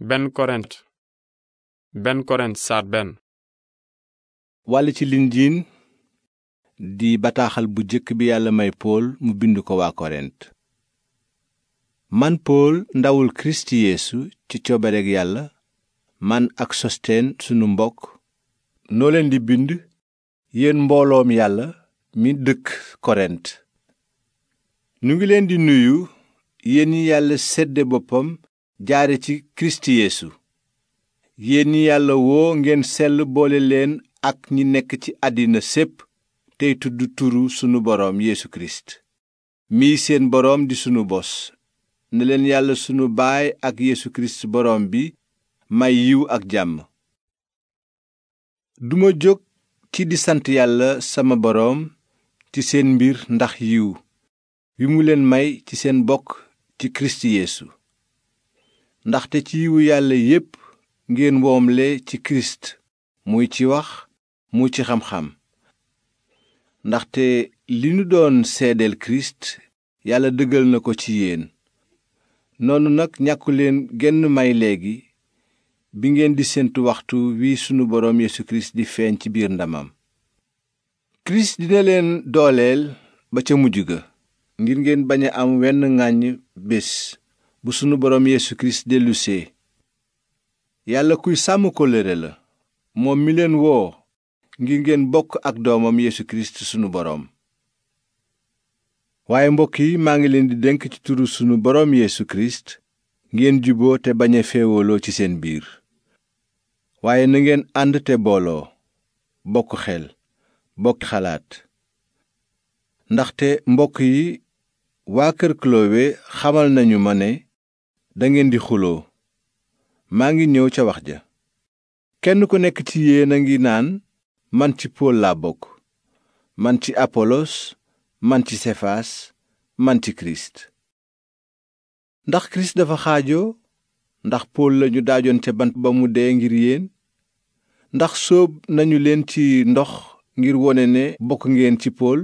benn korent benn wàll ci lindiin di bataaxal bu jëkk bi yàlla may pool mu bind ko waa korint man pool ndawul kirist yeesu ci coobareg yàlla man ak sosteen sunu mbokk noo leen di bind yéen mbooloom yàlla mi dëkk korent nu ngi leen di nuyu yéen ñi yàlla sedde boppam jaare ci kirist yeesu yéen yàlla woo ngeen sell boole leen ak ñi nekk ci àddina sépp tey tudd turu sunu boroom yeesu kirist mii seen boroom di sunu bos ne leen yàlla sunu baay ak yeesu kirist boroom bi may yiw ak jàmm duma jóg ci di sant yàlla sama boroom ci seen mbir ndax yiw wi mu leen may ci seen bokk ci kirist yeesu ndaxte ci yiwu yàlla yépp ngeen woomle ci kirist muy ci wax mu ci xam-xam ndaxte li nu doon seedeel kirist yàlla dëggal na ko ci yéen noonu nag ñàkku leen genn may léegi bi ngeen di séentu waxtu wi sunu boroom Yesu kirist di feeñ ci biir ndamam kirist dina leen dooleel ba ca mujj ga ngir ngeen bañ a am wenn ŋàññ bés bu sunu boroom Yeesu dellusee yàlla kuy sàmm ko kóllëre la moom mi leen woo ngir ngeen bokk ak doomam Yeesu Kirist sunu boroom waaye mbokk yi maa ngi leen di dénk ci turu sunu boroom Yeesu Kirist ngeen juboo te bañ a féewaloo ci seen biir waaye na ngeen ànd te booloo bokk xel bokk xalaat ndaxte mbokk yi waa kër Klowe xamal nañu ma ne dangeen di xuloo maa ngi ñëw ca wax ja kenn ku nekk ci yéen a ngi naan man ci pool laa bokk man ci apolos man ci sefaas man ci kirist ndax kirist dafa xaajoo ndax pool lañu daajoon ca bant ba mu dee ngir yéen ndax sóob nañu leen ci ndox ngir wone ne bokk ngeen ci pool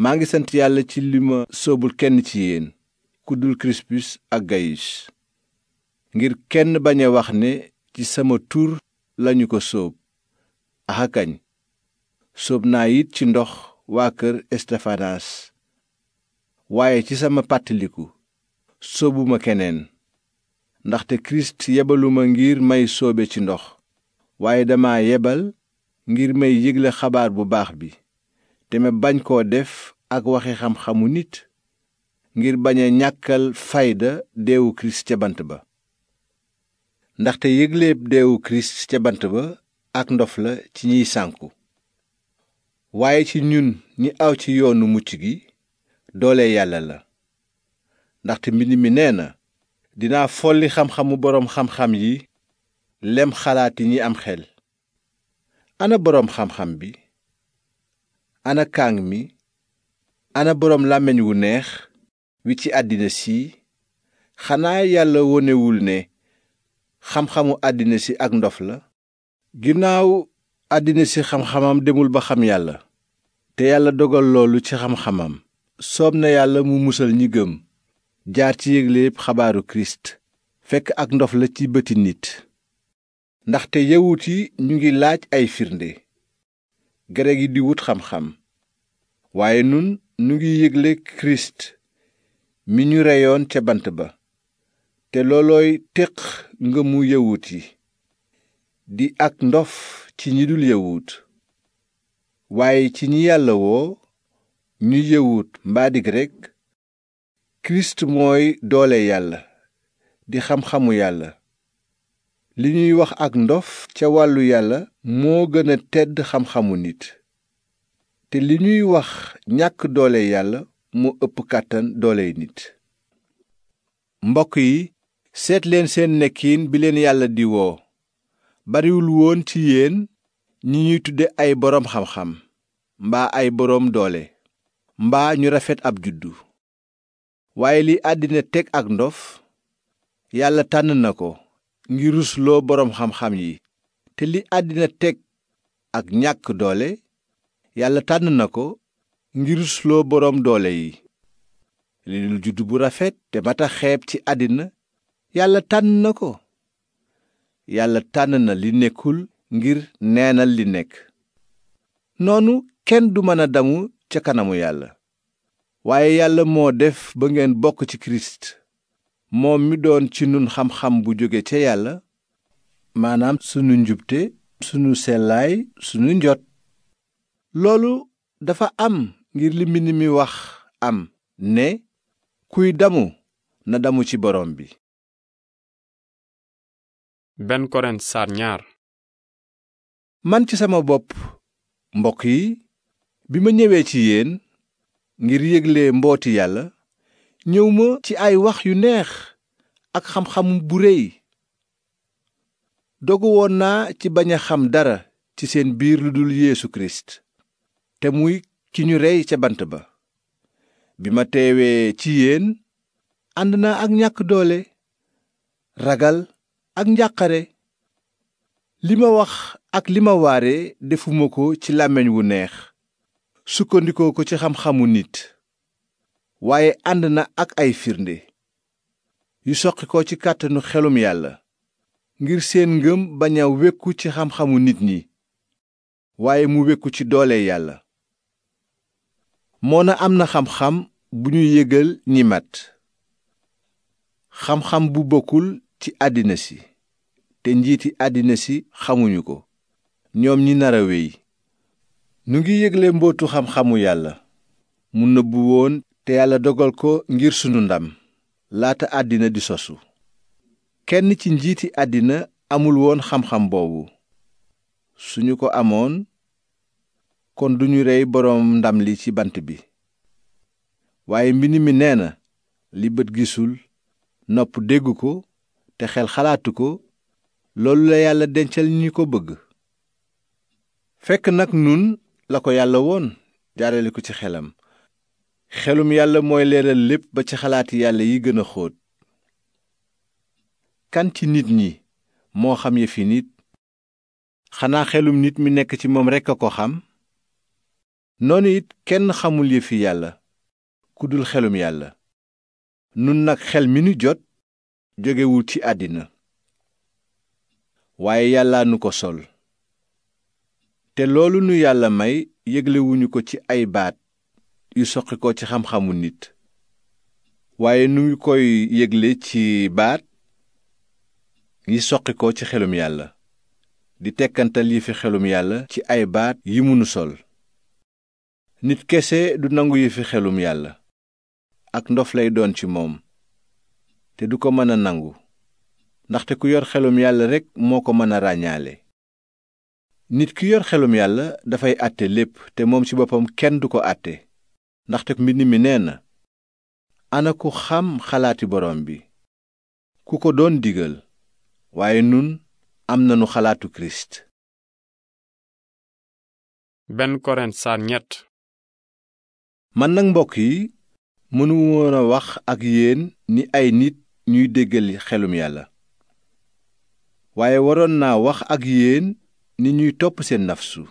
maa ngi sant yàlla ci li ma sóobul kenn ci yéen ku dul Crispus ak Gayus ngir kenn bañ a wax ne ci sama tur lañu ko sóob axakañ sóob naa it ci ndox waa kër Estefanaas waaye ci sama pàttaliku sóobuma keneen ndaxte Kirist yebaluma ngir may sóobe ci ndox waaye dama yebal ngir may yégle xabaar bu baax bi te ma bañ koo def ak waxi xam-xamu nit ngir bañ a ñàkkal fayda deewu kirist ca bant ba ndaxte yëgleeb deewu kirist ca bant ba ak ndof la ci ñiy sànku waaye ci ñun ñi aw ci yoonu mucc gi doole yàlla la ndaxte mbind mi nee na dinaa folli xam-xamu boroom xam-xam yi lem xalaat yi ñi am xel ana boroom xam-xam bi ana kaang mi ana boroom làmmiñ wu neex wi ci àddina si xanaa yàlla wonewul ne xam-xamu àddina si ak ndof la ginnaaw àddina si xam-xamam demul ba xam yàlla te yàlla dogal loolu ci xam-xamam soob na yàlla mu musal ñi gëm jaar ci yégléeb xabaaru kirist fekk ak ndof la ci bëti nit ndaxte yawut yi ñu ngi laaj ay firnde greg yi di wut xam-xam waaye nun nu ngi yégle kirist mi ñu reyoon ca bant ba te loolooy téq ngëmu yawut yi di ak ndof ci ñi dul yawut waaye ci ñi yàlla woo ñu yawut mbaa di grek mooy doole yàlla di xam-xamu yàlla li ñuy wax ak ndof ca wàllu yàlla moo gën a tëdd xam-xamu nit te li ñuy wax ñàkk doole yàlla mu ëpp kàttan dooley nit mbokk yi seetleen seen nekkin bi leen yàlla di woo bariwul woon ci yéen ñi ñuy tudde ay boroom xam-xam mbaa ay boroom doole mbaa ñu rafet ab juddu waaye li àddina teg ak ndof yàlla tànn na ko ngir rusloo boroom xam-xam yi te li àddina teg ak ñàkk doole yàlla tànn na ko ngir boroom doole yi li dul judd bu rafet te mata ci àddina yàlla tànn na ko yàlla tànn na li nekkul ngir neenal li nekk noonu kenn du mëna a damu ca kanamu yàlla waaye yàlla moo def ba ngeen bokk ci kirist moom mi doon ci nun xam-xam bu jóge ca yàlla maanaam sunu njubte sunu sellaay sunu njot loolu dafa am ngir li mbind mi wax am ne kuy damu na damu ci borom bi benn korent man ci sama bopp mbokk yi bi ma ñëwee ci yéen ngir yégle mbooti yàlla ñëw ma ci ay wax yu neex ak xam-xam bu réy dogu woon naa ci bañ a xam dara ci seen biir lu dul Yeesu Kirist te muy ki ñu rey ca bant ba bi ma teewee ci yéen ànd na ak ñàkk doole ragal ak njàqare li ma wax ak li ma waare defuma ko ci làmmiñ wu neex sukkandikoo ko ci xam-xamu nit waaye ànd na ak ay firnde yu soqi ko ci kàttanu xelum yàlla ngir seen ngëm bañ a ci xam-xamu nit ñi waaye mu wekku ci doole yàlla moona am na xam-xam bu ñu yëgal ni mat xam-xam bu bokkul ci àddina si te njiiti àddina si xamuñu ko ñoom ñi nar a wéy nu ngi yégle mbootu xam-xamu yàlla mu nëbbu woon te yàlla dogal ko ngir sunu ndam laata àddina di sosu kenn ci njiiti àddina amul woon xam-xam boobu suñu ko amoon kon duñu rey boroom ndam li ci bant bi waaye mbind mi nee na li bët gisul nopp dégg ko te xel xalaatu ko loolu la yàlla dencal ñi ko bëgg fekk nag nun la ko yàlla woon jaarale ko ci xelam xelum yàlla mooy leeral lépp ba ci xalaati yàlla yi gën a xóot kan ci nit ñi moo xam fi nit xanaa xelum nit mi nekk ci moom rekk a ko xam noonu it kenn xamul yi yëfi yàlla ku dul xelum yàlla nun nag xel mi nu jot jógewul ci àddina waaye yàlla nu ko sol te loolu nu yàlla may yéglewuñu ko ci ay baat yu soqi ko ci xam-xamu nit waaye nu ngi koy yëgle ci baat yi soqi ko ci xelum yàlla di tekkantal yi fi xelum yàlla ci ay baat yi mu sol nit kese du nangu yi fi xelum yàlla ak ndof lay doon ci moom te du ko mën a nangu ndaxte ku yor xelum yàlla rekk moo ko mëna ràññaale nit ki yor xelum yàlla dafay àtte lépp te moom ci boppam kenn du ko àtte ndaxte mbind mi nee na ana ku xam xalaati borom bi ku ko doon digal waaye nun am nanu xalaatu kirist benn koren saar man nag mbokk yi mënu a wax ak yéen ni ay nit ñuy déggal xelum yàlla waaye waroon naa wax ak yéen ni ñuy topp seen nafsu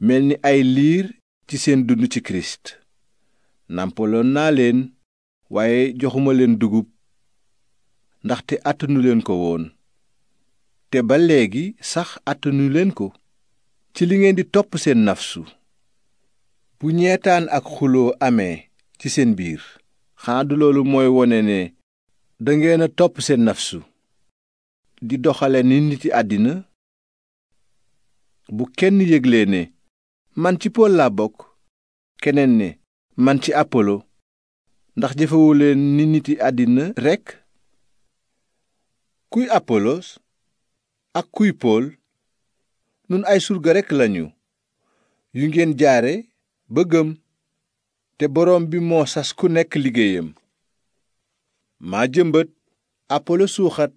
mel ni ay liir ci seen dund ci kirist nàmpaloon naa leen waaye joxuma leen dugub ndaxte àttanu leen ko woon te ba léegi sax àttanu leen ko ci li ngeen di topp seen nafsu bu ñeetaan ak xuloo amee ci seen biir xanaa du loolu mooy wone ne dangeen a topp seen nafsu di doxale ni niti àddina bu kenn yëglee ne man ci pool laa bokk keneen ne man ci apolo ndax jëfewuleen ni niti àddina rekk kuy apolos ak kuy pool nun ay surga rekk lañu yu ngeen jaare bëggam te boroom bi moo sas ku nekk liggéeyam maa jëmbat apolo suuxat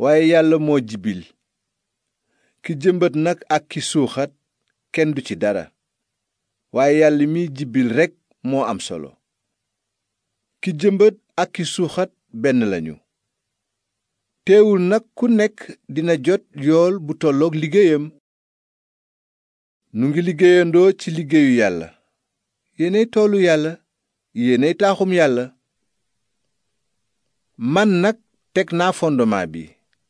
waaye yàlla moo jibil ki jëmbat nag ak ki suuxat kenn du ci dara waaye yàlla mi jibbil rekk moo am solo ki jëmbët ak ki suuxat benn lañu teewul nag ku nekk dina jot yool bu tollook liggéeyam nu ngi liggéeyandoo ci liggéeyu yàlla yéenay toolu yàlla yéenay taaxum yàlla man nag teg naa fondement bi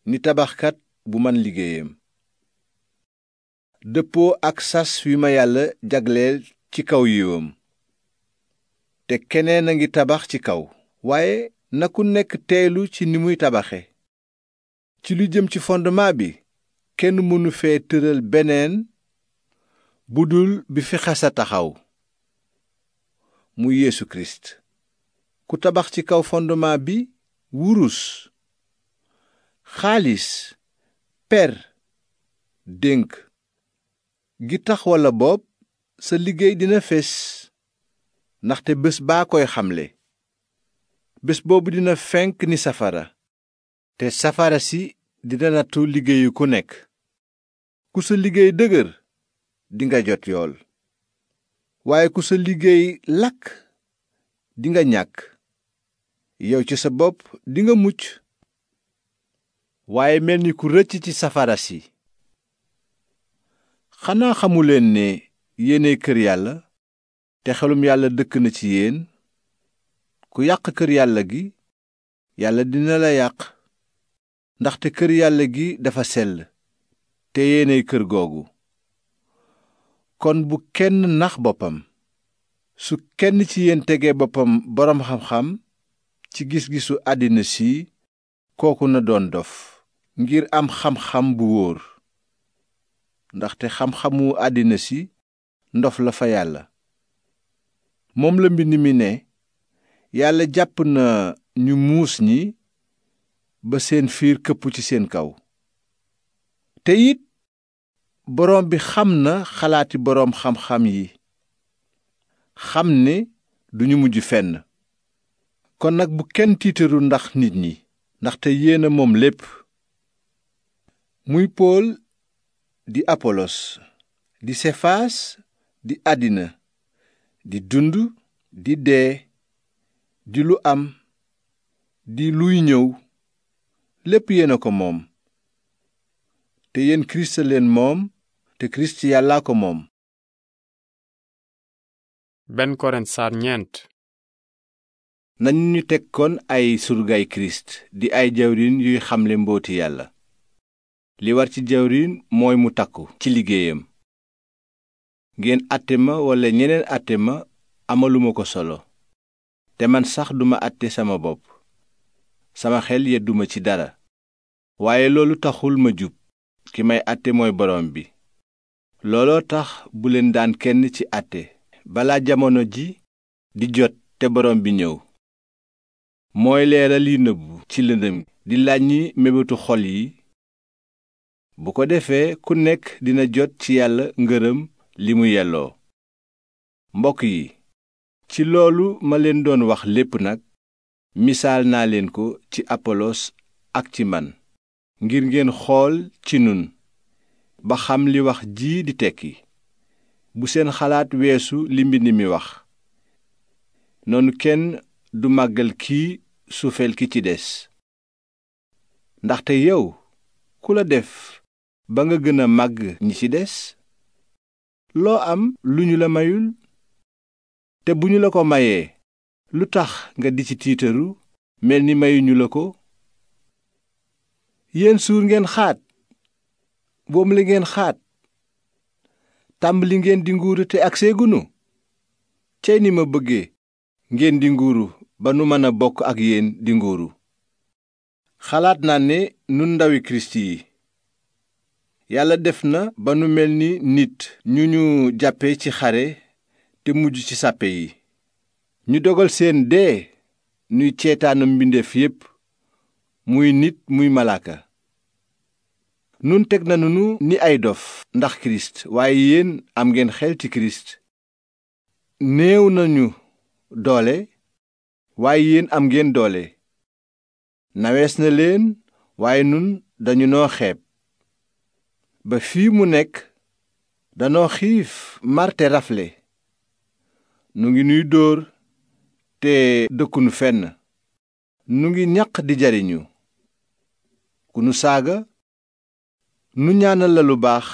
ni tabaxkat bu man liggéeyam dëppoo ak sas wi ma yàlla jagleel ci kaw yiwam te keneen a ngi tabax ci kaw waaye na ku nekk teelu ci ni muy tabaxe ci lu jëm ci fondement bi kenn mënu fee tëral beneen bu dul bi fi xasa taxaw mu yéesu Kirist ku tabax ci kaw fondement bi wurus xaalis per dénk gi tax walla bopp sa liggéey dina fés ndaxte bés baa koy xamle bés boobu dina fenk ni safara te safara si dina nattu liggéeyu ku nekk ku sa liggéey dëgër dinga jot yool waaye ku sa liggéey làkk dinga ñàkk yow ci sa bopp dinga mucc waaye mel ni ku rëcc ci safara si xanaa xamuleen ne yéene kër yàlla te xelum yàlla dëkk na ci yéen ku yàq kër yàlla gi yàlla dina la yàq ndaxte kër yàlla gi dafa sell te yéeney kër googu kon bu kenn nax boppam su kenn ci yéen tegee boppam boroom xam-xam ci gis-gisu àddina si kooku na doon dof ngir am xam-xam bu wóor ndaxte xam-xamu àddina si ndof la fa yàlla moom la mbind mi ne yàlla jàpp na ñu muus ñi ba seen fiir këpp ci seen kaw boroom bi xam na xalaati boroom xam-xam yi xam ne duñu mujj fenn kon nag bu kenn tiitaru ndax nit ñi ndaxte yéen a moom lépp muy pool di apolos di sefaas di àddina di dund di dee di lu am di luy ñëw lépp yéen a ko moom te yéen kirist leen moom te kirist ko moom benn korent saar nañu ñu teg koon ay surgaay kirist di ay jawrin yuy xamle mbooti yàlla li war ci jawrin mooy mu takku ci liggéeyam ngeen àtte ma walla ñeneen àtte ma amaluma ko solo te man sax duma àtte sama bopp sama xel yedduma ci dara waaye loolu taxul ma jub ki may àtte mooy borom bi looloo tax bu leen daan kenn ci àtte balaa jamono ji di jot te borom bi ñëw mooy leeral yi nëbbu ci lëndëm di làññi mébétu xol yi bu ko defee ku nekk dina jot ci yàlla ngërëm li mu yelloo mbokk yi ci loolu ma leen doon wax lépp nag misaal naa leen ko ci apolos ak ci man ngir ngeen xool ci nun ba xam li wax ji di tekki bu seen xalaat weesu li mbind mi wax noonu kenn du màggal kii suufeel ki ci des ndaxte yow ku la def ba nga gën a màgg ñi ci des loo am lu ñu la mayul te bu ñu la ko mayee lu tax nga di ci tiitaru mel ni mayuñu la ko yéen suur ngeen xaat boom li ngeen xaat tàmbali ngeen di nguuru te ak seegunu cey ni ma bëggee ngeen di nguuru ba nu mën a bokk ak yéen di nguuru xalaat naa ne nun ndawi kirist yi yàlla def na ba nu mel ni nit ñu ñu jàppe ci xare te mujj ci sàppe yi ñu dogal seen dee nuy ceetaanam mbindeef yépp muy nit muy malaaka nun teg nanunu ni ay dof ndax kirist waaye yéen am ngeen xel ci kirist néew nañu doole waaye yéen am ngeen doole nawees na leen waaye nun dañu noo xeeb ba fii mu nekk danoo xiif marte rafle nu ngi nuy dóor te dëkkunu fenn nu ngi ñaq di jariñu ku nu saaga nu ñaanal la lu baax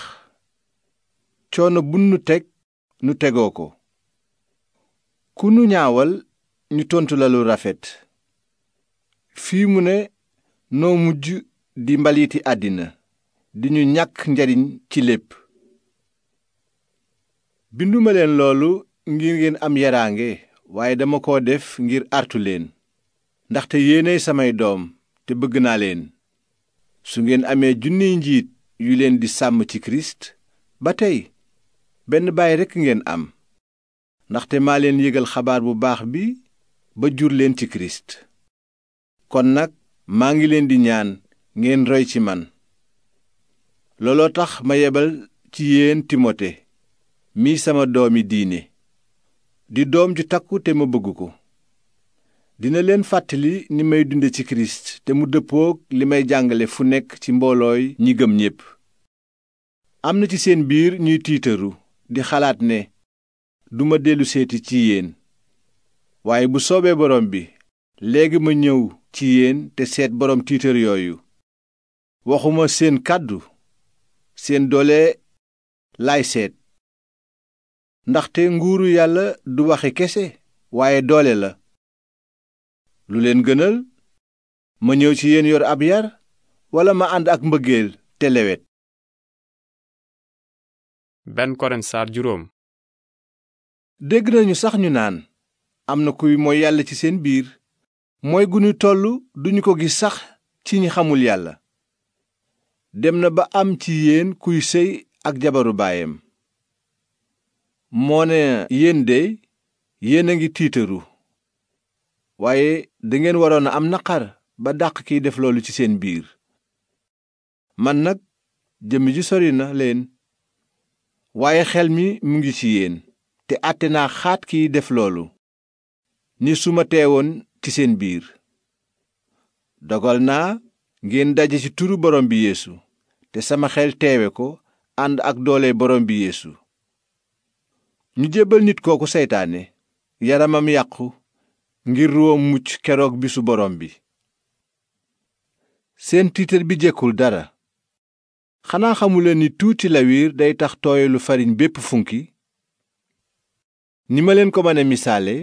coono bu nu teg nu tegoo ko ku nu ñaawal ñu tontu la lu rafet fii mu ne noo mujj di mbaliti àddina di ñu ñàkk njariñ ci lépp binduma leen loolu ngir ngeen am yaraange waaye dama ko def ngir artu leen ndaxte yéenay samay doom te bëgg naa leen su ngeen amee junniy njiit yu leen di sàmm ci kirist ba tey benn baay rekk ngeen am ndaxte maa leen yégal xabaar bu baax bi ba jur leen ci kirist kon nag maa ngi leen di ñaan ngeen roy ci man looloo tax ma yebal ci yéen timote mii sama doomi diine di doom ju takku te ma bëgg ko dina leen fàttali ni may dunde ci kirist te mu dëppook li may jàngale fu nekk ci mboolooy ñi gëm ñépp am na ci seen biir ñuy tiitaru di xalaat ne duma dellu seeti ci yéen waaye bu soobee borom bi léegi ma ñëw ci yéen te seet borom tiitar yooyu waxuma seen kàddu seen doole laay seet ndaxte nguuru yàlla du waxe kese waaye doole la lu leen gënal ma ñëw ci yéen yor ab yar walla ma ànd ak mbëggeel benn Korent juróom dégg nañu sax ñu naan am na kuy mooy yàlla ci seen biir mooy gu ñu toll duñu ko gis sax ci ñi xamul yàlla dem na ba am ci yéen kuy séy ak jabaru baayam moo ne yéen de yéen a ngi tiitaru waaye dangeen waroon a am naqar ba dàq kiy def loolu ci seen biir man nag jëmm ji sori na leen waaye xel mi mu ngi ci yéen te àtte naa xaat kiy def loolu ni suma teewoon ci seen biir dogal naa ngeen daje ci turu borom bi yéesu te sama xel teewe ko ànd ak doole borom bi yeesu ñu jébbal nit kooku seytaane yaramam yàqu ngir ruwa mucc keroog bisu borom bi seen tiitar bi jekkul dara xanaa xamuleen ni tuuti lawiir day tax tooyalu farine bépp funki ni ma leen ko mën a misaale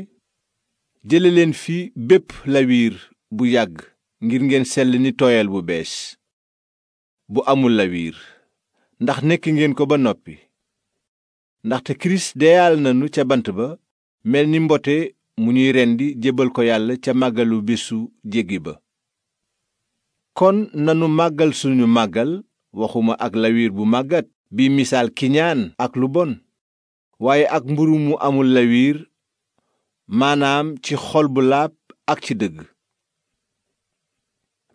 jële leen fi bépp lawiir bu yàgg ngir ngeen sell ni tooyal bu bees bu amul lawiir ndax nekk ngeen ko ba noppi ndaxte kirist deyaal nanu ca bant ba mel ni mbote mu ñuy rendi jébbal ko yàlla ca màggalu bésu kon nanu màggal suñu màggal waxuma ak lawiir bu màggat bi misaal kiñaan ak lu bon waaye ak mburu mu amul lawiir maanaam ci xol bu laab ak ci dëgg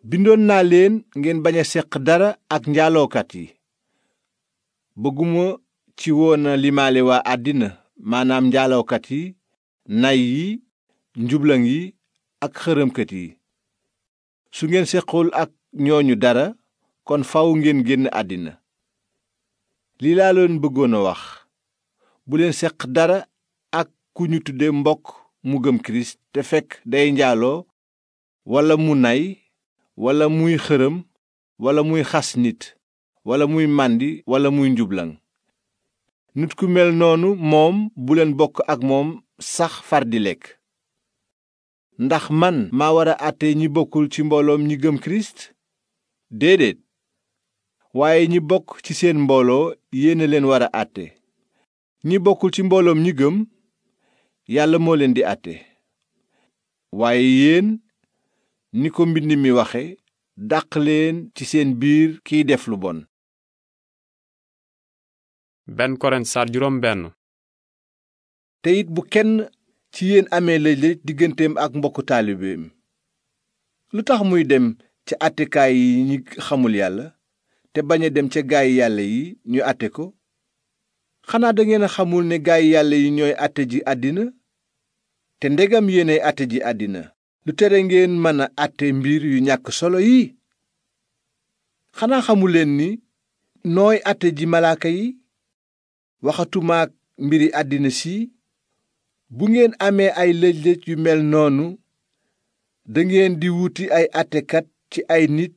bindoon naa leen ngeen bañ a seq dara ak njaalookat yi bëgguma ci woon a limaale waa àddina maanaam njaalookat yi nay yi njublan yi ak xërëmkat yi su ngeen sequl ak ñooñu dara kon faw ngeen génn àddina li laa leen bëggoon a wax bu leen seq dara ak ku ñu tudde mbokk mu gëm kirist te fekk day njaaloo walla mu nay walla muy xërëm walla muy xas nit walla muy màndi walla muy njublan nit ku mel noonu moom bu bokk ak moom sax far di lekk ndax man maa war a àtte ñi bokkul ci mbooloom ñi gëm kirist déedéet waaye ñi bokk ci seen mbooloo yéena leen war a àtte ñi bokkul ci mbooloom ñi gëm yàlla moo leen di àtte waaye yéen ni ko mbind mi waxe dàq leen ci seen biir kiy def lu bon benn koren te it bu kenn ci yéen amee lëj-lëj digganteem ak mbokku taalibeem lu tax muy dem ca àttekaay yi xamul yàlla te bañ a dem ca gaay yi ñu àtte ko xanaa dangeen xamul ne gaay yàlla yi ñooy àtte ji àddina te ndegam yéenay àtte ji àddina lu tere ngeen mën a àtte mbir yu ñàkk solo yi xanaa leen ni nooy àtte ji malaaka yi waxatumaak mbiri àddina si bu ngeen amee ay lëj-lëj yu mel noonu dangeen di wuti ay àttekat ci ay nit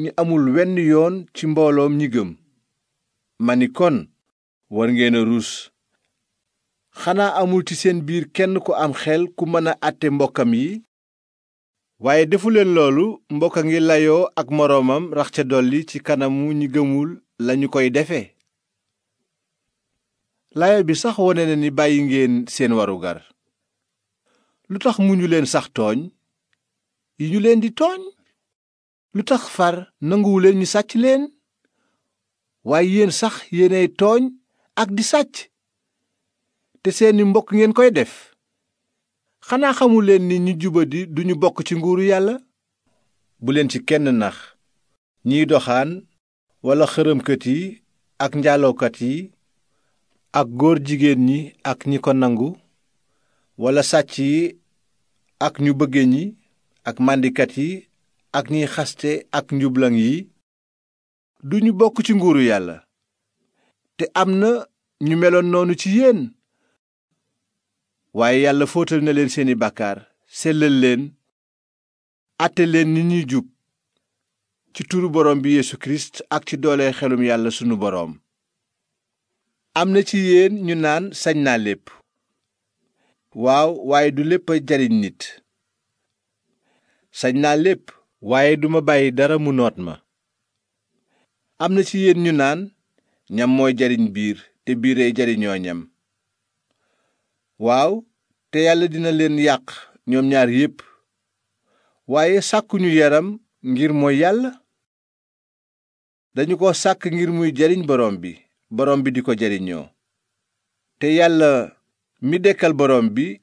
ñi amul wenn yoon ci mbooloom ñi gëm ma ni kon war ngeen a ruus xanaa amul ci seen biir kenn ku am xel ku mën a àtte mbokkam yi waaye defuleen loolu mbokk a ngi layoo ak moroomam rax ca dolli ci kanamu ñi gëmul lañu koy defe laaya bi sax wone na ni bàyyi ngeen seen warugar lu tax muñu leen sax tooñ yi ñu leen di tooñ lu tax far leen ñu sàcc leen waaye yéen sax yéenay tooñ ak di sàcc te seeni mbokk ngeen koy def xanaa xamu leen ni ñu jubadi duñu bokk ci nguuru yàlla bu leen ci kenn nax ñii doxaan walla xërëmkat yi ak njaalookat yi ak góor jigéen ñi ak ñi ko nangu walla sàcc yi ak ñu bëgge ñi ak màndikat yi ak ñiy xaste ak njublaŋ yi du ñu bokk ci nguuru yàlla te am na ñu meloon noonu ci yéen waaye yàlla fóotal na leen seeni bàkkaar sellal leen àtte leen ni ñuy jub ci turu borom bi Yeesu Kirist ak ci doole xelum yàlla sunu boroom am na ci yéen ñu naan sañ naa lépp waaw waaye du lépp a jariñ nit sañ naa lépp waaye duma bàyyi dara mu noot ma am na ci yéen ñu naan ñam mooy jariñ biir te biiree jariñoo ñam waaw te yàlla dina leen yàq ñoom ñaar yépp waaye sàkkuñu yaram ngir mooy yàlla dañu ko sàkk ngir muy jariñ borom bi borom bi di ko jariñoo te yàlla mi dekkal borom bi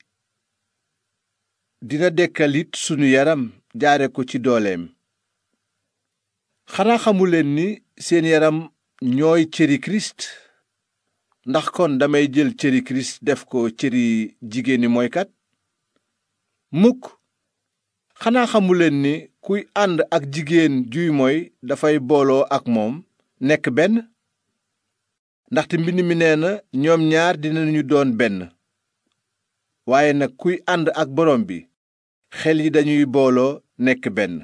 dina dekkal it sunu yaram jaare ko ci dooleem xanaa xamuleen ni seen yaram ñooy cëri kirist ndax kon damay jël cëri kirist def ko cëri jigéeni moykat mukk xanaa xamuleen ni kuy ànd ak jigéen juy moy dafay booloo ak moom nekk benn ndaxte mbind mi nee na ñoom ñaar dinañu doon benn waaye nag kuy ànd ak borom bi xel yi dañuy booloo nekk benn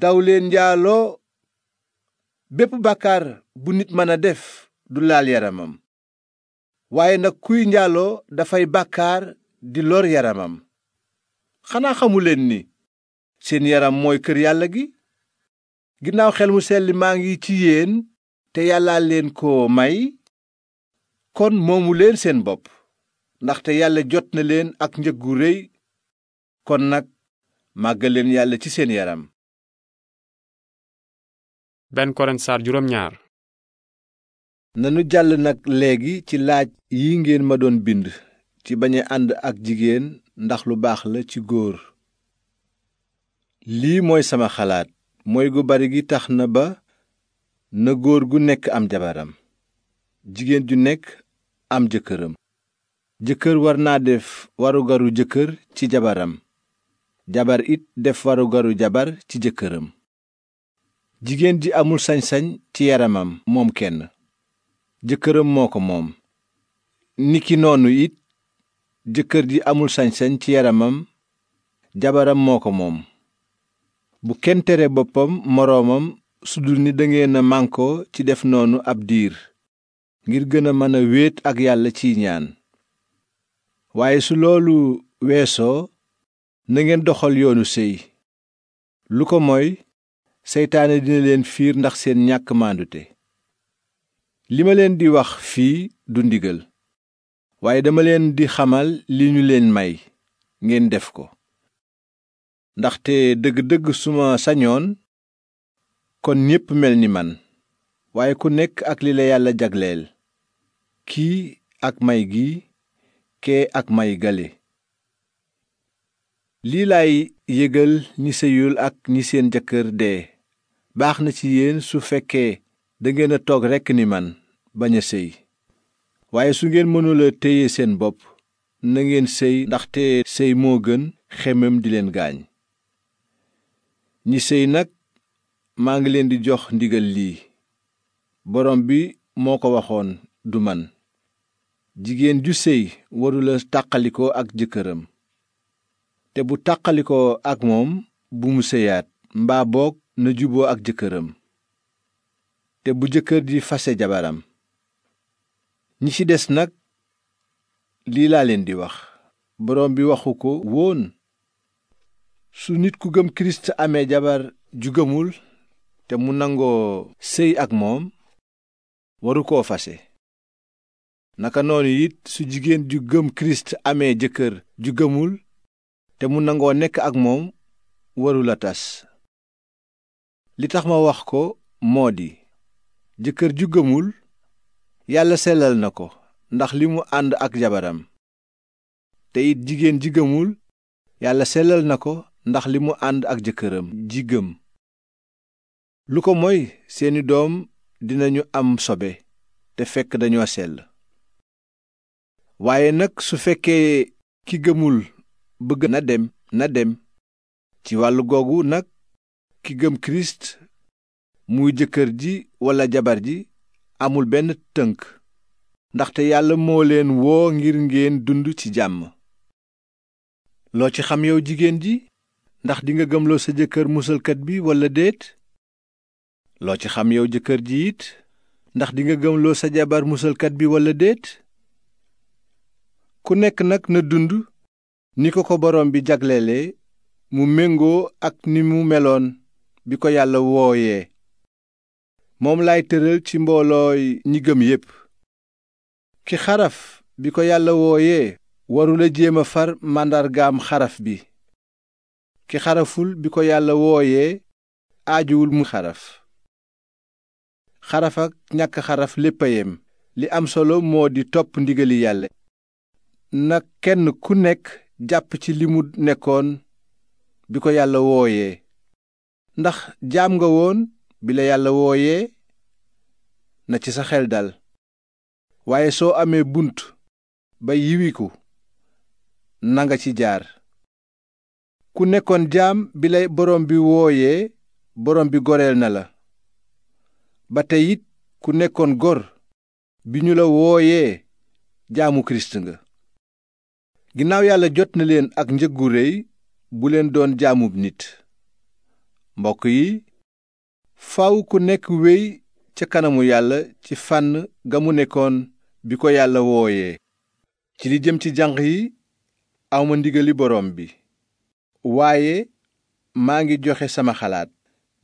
daw leen njaaloo bépp bàkkaar bu nit mën a def du laal yaramam waaye nag kuy njaaloo dafay bàkkaar di lor yaramam xanaa xamuleen ni seen yaram mooy kër yàlla gi ginnaaw xel mu selli maa ngi ci yéen te yàlla leen ko may kon moomu leen seen bopp ndaxte yàlla jot na leen ak njëg gu réy kon nag màggaleen yàlla ci seen yaram benn Korent saar nanu jàll nag léegi ci laaj yi ngeen ma doon bind ci bañ ànd ak jigéen ndax lu baax la ci góor lii mooy sama xalaat mooy gu bari gi tax na ba na góor gu nekk am jabaram jigéen ju nekk am jëkkëram jëkkër war naa def warugaru jëkkër ci jabaram jabar it def warugaru jabar ci jëkkëram jigéen ji amul sañsañ ci yaramam moom kenn jëkkëram moo ko moom niki noonu it jëkkër ji amul sañ-sañ ci yaramam jabaram moo ko moom bu kenn tere boppam moroomam su dul ni dangeen a mànkoo ci def noonu ab diir ngir gën a mën a wéet ak yàlla ci ñaan waaye su loolu weesoo nangeen doxal yoonu séy lu ko mooy seytaane dina leen fiir ndax seen ñàkk màndute li ma leen di wax fii du ndigal waaye dama leen di xamal li ñu leen may ngeen def ko ndaxte dëgg-dëgg suma sañoon kon ñépp mel ni man waaye ku nekk ak li la yàlla jagleel kii ak may gii kee ak may gale lii laay yëgal ñi sëyul ak ñi seen jëkkër dee baax na ci yéen su fekkee dangeen a toog rekk ni man bañ a sëy waaye su ngeen mënula téye seen bopp na ngeen sëy ndaxte sëy moo gën xemem di leen gaañ ñi sëy nag maa ngi leen di jox ndigal lii borom bi moo ko waxoon du man jigéen ju séy warula tàqalikoo ak jëkkëram te bu tàqalikoo ak moom bu mu séyaat mbaa boog na juboo ak jëkkëram te bu jëkkër di fase jabaram ñi ci des nag lii laa leen di wax borom bi waxu ko woon su nit ku gëm kirist amee jabar ju gëmul te mu nangoo séy ak moom waru koo fase naka noonu it su jigéen ju gëm kirist amee jëkkër ju gëmul te mu nangoo nekk ak moom warula tas li tax ma wax ko moo di jëkkër ju gëmul yàlla sellal na ko ndax li mu ànd ak jabaram te it jigéen ji gëmul yàlla sellal na ko ndax li mu ànd ak jëkkëram ji gëm lu ko moy seeni doom dinañu am sobe te fekk dañoo sell waaye nag su fekkee ki gëmul bëgg na dem na dem ci wàllu googu nag ki gëm kirist muy jëkkër ji walla jabar ji amul benn tënk ndaxte yàlla moo leen woo ngir ngeen dund ci jàmm loo ci xam yow jigéen ji ndax dinga gëmloo sa jëkkër musalkat bi walla déet loo ci xam yow jëkkër ji it ndax dinga gëmloo sa jabar musalkat bi walla déet ku nekk nag na dund ni ko ko boroom bi jagleele mu méngoo ak ni mu meloon bi ko yàlla wooyee moom lay tëral ci mbooloo ñi gëm yépp ki xaraf bi ko yàlla wooye warula jéem a far màndargaam xaraf bi ki xaraful bi ko yàlla wooyee aajuwul mu xaraf xaraf ñàkk xaraf lépp li am solo moo di topp ndigali yàlla na kenn ku nekk jàpp ci li mu nekkoon bi ko yàlla wooyee ndax jaam nga woon bi la yàlla wooyee na ci sa xel dal waaye soo amee bunt ba yiwiku nanga ci jaar ku nekkoon jaam bi la borom bi wooyee borom bi goreel na la ba tey it ku nekkoon gor bi ñu la wooyee jaamu kirist nga ginnaaw yàlla jot na leen ak njëg gu réy bu leen doon jaamu nit mbokk yi faw ku nekk wéy ca kanamu yàlla ci fànn ga mu nekkoon bi ko yàlla wooyee ci li jëm ci janq yi awma ndigali borom bi waaye maa ngi joxe sama xalaat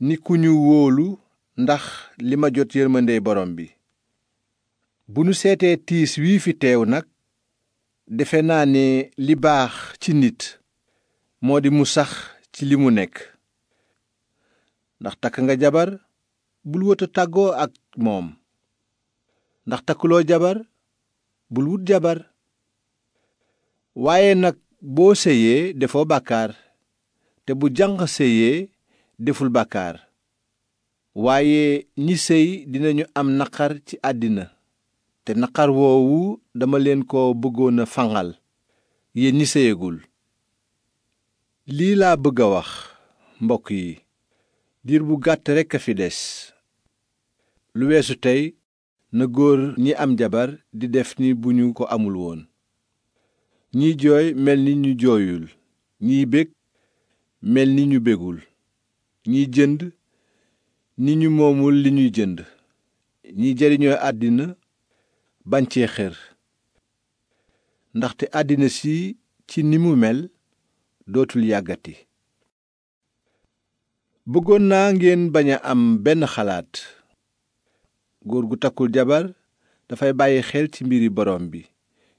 ni ku ñu wóolu ndax li ma jot yërmandey borom bi bu nu seetee tiis wii fi teew nag defe naa ne li baax ci nit moo di mu sax ci li mu nekk ndax takk nga jabar bul wëtu tàggoo ak moom ndax takkuloo jabar bul wut jabar waaye nag boo séyee defoo bàkkaar te bu janq séyee deful bàkkaar waaye ñi sëy dinañu am naqar ci àddina te naqar woowu dama leen ko bëggoon a fangal yéen ñi sëyagul lii laa bëgg a wax mbokk yi diir bu gàtt rekk a fi des lu weesu tey na góor ñi am jabar di def ni bu ñu ko amul woon ñiy jooy mel ni ñu jooyul ñiy bég mel ni ñu bégul ñiy jënd ni ñu moomul li ñuy jënd ñi jariñoo àddina bañ cee xër ndaxte àddina si ci ni mu mel dootul yàggati bëggoon naa ngeen bañ a am benn xalaat góor gu takkul jabar dafay bàyyi xel ci mbiri borom bi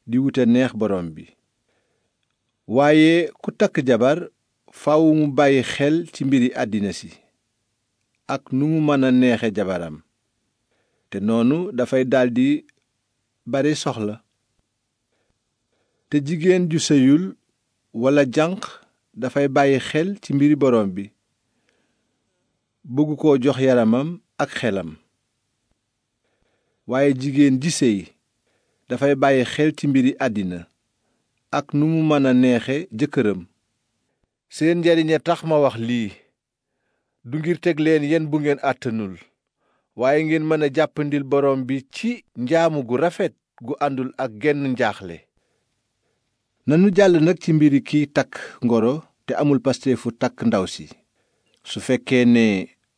di wute neex borom bi waaye ku takk jabar faaw mu bàyyi xel ci mbiri àddina si ak nu mu mën a neexe jabaram te noonu dafay daldi bari soxla te jigéen ju sëyul walla janq dafay bàyyi xel ci mbir borom bi bëggu koo jox yaramam ak xelam waaye jigéen ji sëy dafay bàyyi xel ci mbiri àddina ak nu mu mën a neexe jëkkëram seen njariñ a tax ma wax lii du ngir teg leen yen bu ngeen àttanul waaye ngeen mën a jàppandil borom bi ci njaamu gu rafet gu àndul ak genn njaaxle nanu jàll nag ci mbiri kiy takk ngoro te amul fu takk ndaw si su fekkee ne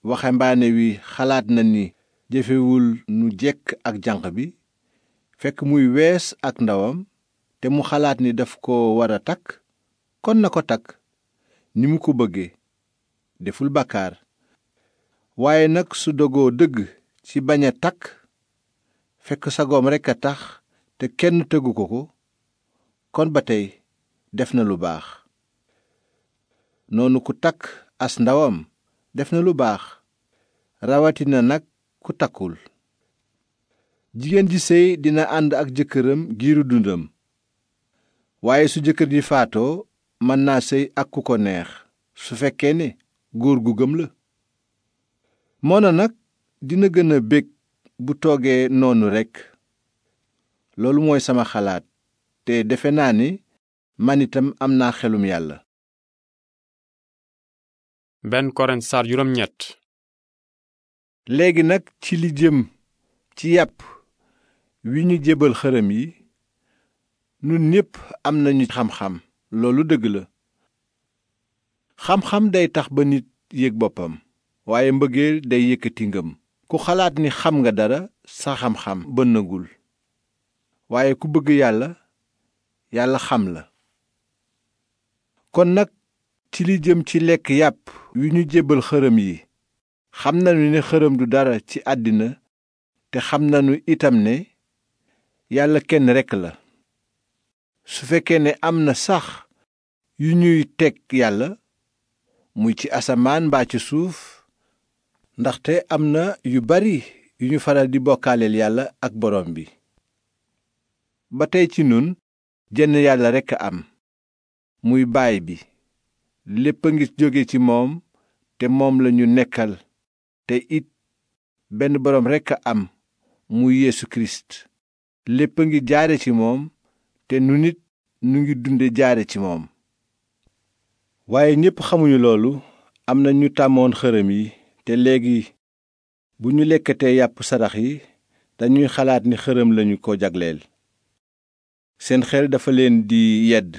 waxambaane wi xalaat na ni jëfewul nu jekk ak janq bi fekk muy wees ak ndawam te mu xalaat ni daf ko war a takk kon na ko takk ni mu ko bëgge deful bàkkaar waaye nag su dogoo dëgg ci bañ a takk fekk sagoom rekk a tax te kenn tegu ko ko kon ba tey def na lu baax noonu ku takk as ndawam def na lu baax rawatina nag ku takkul jigéen ji séy dina ànd ak jëkkëram giiru dundam waaye su jëkkër ji faatoo mën naa séy ak ku ko neex su fekkee ne góor gu gëm la moona nag dina gën a bég bu toogee noonu rekk loolu mooy sama xalaat te defe naa ni man itam am na xelum yàlla benn koren léegi nag ci li jëm ci yàpp wi ñu jébal xërëm yi nun ñépp am nañu xam-xam loolu dëgg la xam-xam day tax ba nit yëg boppam waaye mbëggeel day yëkkati ngëm ku xalaat ni xam nga dara sa xam-xam bënnagul waaye ku bëgg yàlla yàlla xam la kon nag ci li jëm ci lekk yàpp yu ñu jébbal xërëm yi xam nañu ne xërëm du dara ci àddina te xam nanu itam ne yàlla kenn rekk la su fekkee ne am na sax yu ñuy teg yàlla muy ci asamaan mbaa ci suuf ndaxte am na yu bari yu ñu faral di bokkaaleel yàlla ak borom bi ba tey ci nun jenn yàlla rekk a am muy baay bi lépp a ngi jóge ci moom te moom lañu nekkal te it benn borom rekk a am muy Yeesu Kirist lépp a ngi jaare ci moom te nu nit nu ngi dunde jaare ci moom waaye ñépp xamuñu loolu am na ñu tàmmoon xërëm yi te léegi bu ñu lekkatee yàpp sarax yi dañuy xalaat ni xërëm lañu ko jagleel seen xel dafa leen di yedd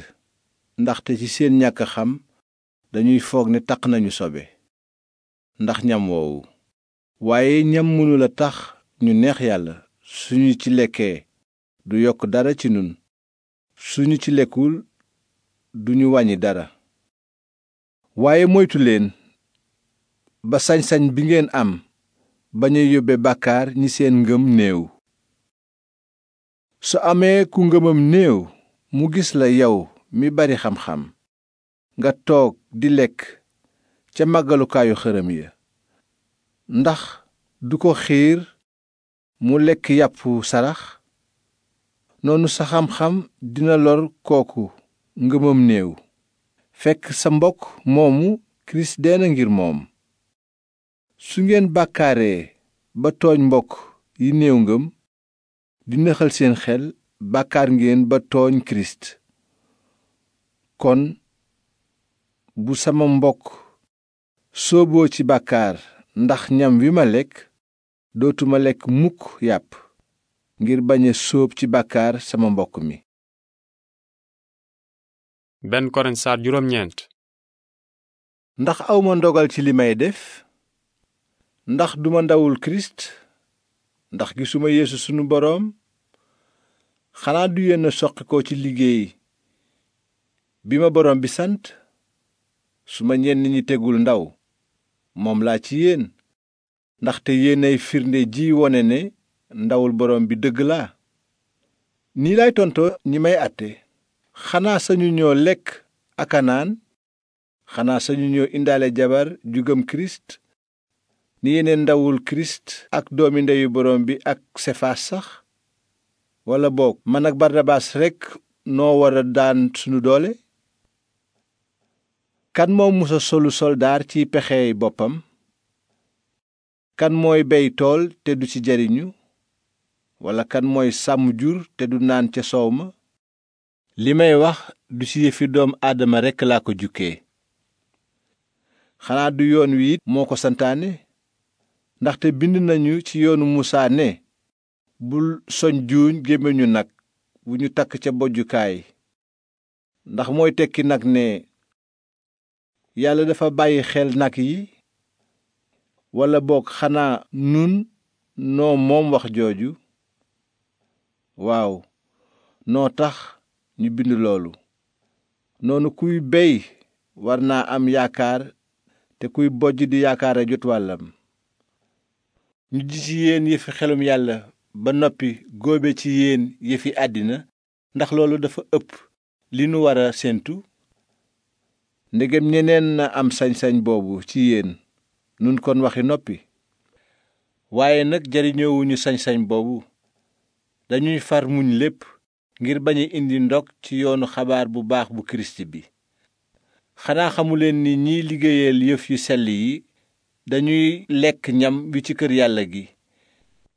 ndaxte ci seen ñàkk xam dañuy foog ne taq nañu sobe ndax ñam woowu waaye ñam mënula tax ñu neex yàlla suñu ci lekkee du yokk dara ci nun suñu ci lekkul duñu wàññi dara waaye moytu leen ba sañ-sañ bi ngeen am bañ a yóbbe bàkkaar ñi seen ngëm néew su amee ku ngëmam néew mu gis la yow mi bari xam-xam nga toog di lekk ca màggalukaayu xërëm ya ndax du ko xiir mu lekk yàppu sarax noonu sa xam-xam dina lor kooku ngëmam néew fekk sa mbokk moomu kirist dee na ngir moom su ngeen bàkkaaree ba tooñ mbokk yi néew ngëm di nëxal seen xel bàkkaar ngeen ba tooñ kirist kon bu sama mbokk sóoboo ci bàkkaar ndax ñam wi ma lekk dootuma lekk mukk yàpp ngir bañ a ci bàkkaar sama mbokk mi benn Korent saar juróom ndax awma ndogal ci li may def ndax duma ndawul kirist ndax gisuma yeesu sunu boroom xanaa du yéen a ci liggéey bi ma boroom bi sant su ma ñenn ñi tegul ndaw moom laa ci yéen ndaxte yéenay firnde ji wone ne ndawul boroom bi dëgg la nii lay tontoo ñi may àtte xanaa sañu ñoo lekk ak a naan xanaa sañu ñoo indaale jabar ju gëm kirist ni yeneen ndawul kirist ak doomi ndeyu borom bi ak sefaas sax walla boog man ak barnabaas rekk noo war a daan suñu doole kan moo musa solu soldaar ci pexey boppam kan mooy bey tool te du ci jariñu walla kan mooy sàmm jur te du naan ca soow ma li may wax du ci yëfi doom aadama rekk laa ko jukkee xanaa du yoon wi moo ko santaane ndaxte bind nañu ci yoonu muusaa ne bul soñ juuñ gémmiñu nag bu ñu takk ca bojjukaay ndax mooy tekki nag ne yàlla dafa bàyyi xel nag yi walla boog xanaa nun noo moom wax jooju waaw noo tax ñu bind loolu noonu kuy bey war naa am yaakaar te kuy bojj di yaakaar a jot wàllam ñu ji ci yéen yëfi xelum yàlla ba noppi góobe ci yéen yëfi àddina ndax loolu dafa ëpp li nu war a séentu ndegem ñeneen na am sañsañ sañ boobu ci yéen nun kon waxi noppi waaye nag jariñoowuñu sañsañ boobu dañuy far muñ lépp ngir bañ indi ndog ci yoonu xabaar bu baax bu kirist bi xanaa xamuleen ni ñiy liggéeyal yëf yu sell yi dañuy lekk ñam wi ci kër yàlla gi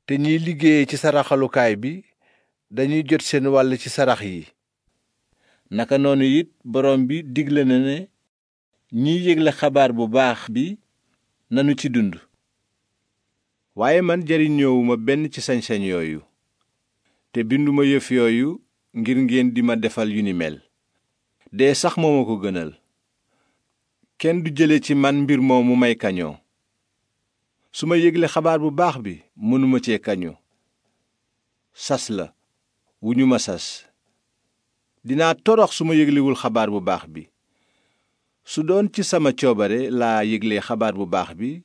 te ñiy liggéeye ci saraxalukaay bi dañuy jot seen wàll ci sarax yi naka noonu it borom bi digle na ne ñiy yégle xabaar bu baax bi nanu ci dund waaye man jariñoowuma benn ci sañ-sañ yooyu te binduma yëf yooyu ngir ngeen di ma defal yu ni mel dee sax moo ma ko gënal kenn du jële ci man mbir moomu may kañoo su ma yégle xabaar bu baax bi mënuma cee kañu sas la wu ñu ma sas dinaa torox su ma yéglewul xabaar bu baax bi su doon ci sama coobare laa yégle xabaar bu baax bi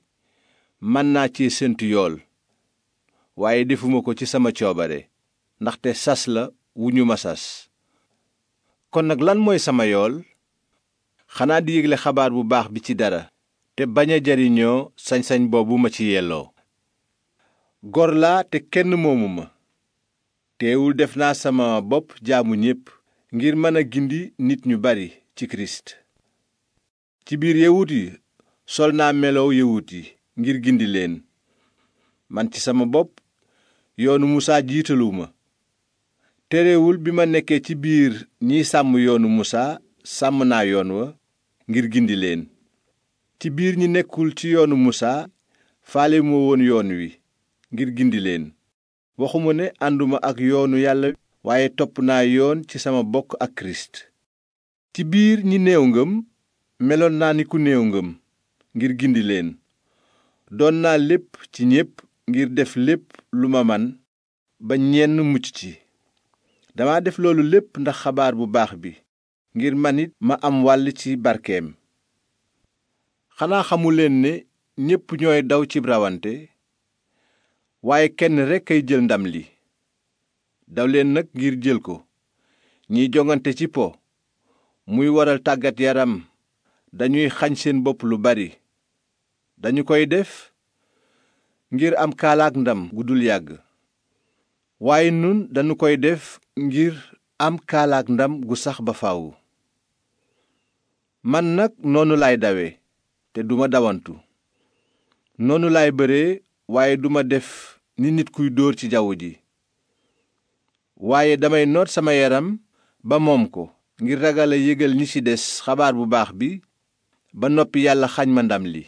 mën naa ci séentu yool waaye defuma ko ci sama coobare ndaxte sas la wu ñu ma sas kon nag lan mooy sama yool xanaa di yégle xabaar bu baax bi ci dara te bañ a jariñoo sañ-sañ boobu ma ci yelloo gor laa te kenn moomu ma teewul def naa sama bopp jaamu ñépp ngir mën a gindi nit ñu bari ci kirist ci biir yawut yi sol naa melow yawut yi ngir gindi leen man ci sama bopp yoonu musaa jiitaluma terewul bi ma nekkee ci biir ñi sàmm yoonu musaa sàmm naa yoon wa ngir gindi leen ci biir ñi nekkul ci yoonu musaa faale woon yoon wi ngir gindi leen waxuma ne ànduma ak yoonu yàlla waaye topp naa yoon ci sama bokk ak kirist ci biir ñi néew ngëm meloon naa ni ku néew ngëm ngir gindi leen doon naa lépp ci ñépp ngir def lépp lu ma man ba ñenn mucc ci dama def loolu lépp ndax xabaar bu baax bi ngir man it ma am wàll ci barkeem xanaa xamuleen ne ñépp ñooy daw ci rawante waaye kenn rekk ay jël ndam li dawleen nag ngir jël ko ñiy jongante ci po muy waral tàggat yaram dañuy xañ seen bopp lu bari dañu koy def ngir am kaalaak ndam gu dul yàgg waaye nun dañu koy def ngir am kaalaak ndam gu sax ba faw man nag noonu laay dawe te duma dawantu noonu laay bëree waaye duma def ni nit kuy dóor ci jaww ji waaye damay noot sama yaram ba moom ko ngir ragal a yégal ñi ci des xabaar bu baax bi ba noppi yàlla xañ ma ndam li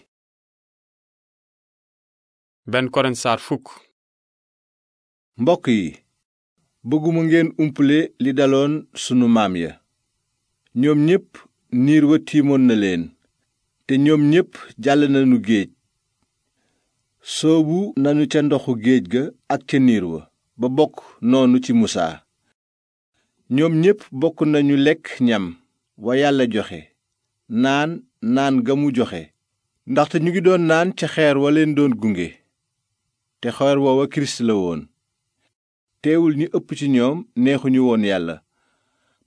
mbokk yi bëgguma ngeen umpale li daloon sunu maam ya ñoom ñépp niir wa tiimoon na leen te ñoom ñépp jàll nañu géej soobu nañu ca ndoxu géej ga ak ca niir wa ba bokk noonu ci musaa ñoom ñépp bokk nañu lekk ñam wa yàlla joxe naan naan ga mu joxe ndaxte ñu ngi doon naan ca xeer wa leen doon gunge te xeer woowa kirist la woon teewul ñi ëpp ci ñoom neexuñu woon yàlla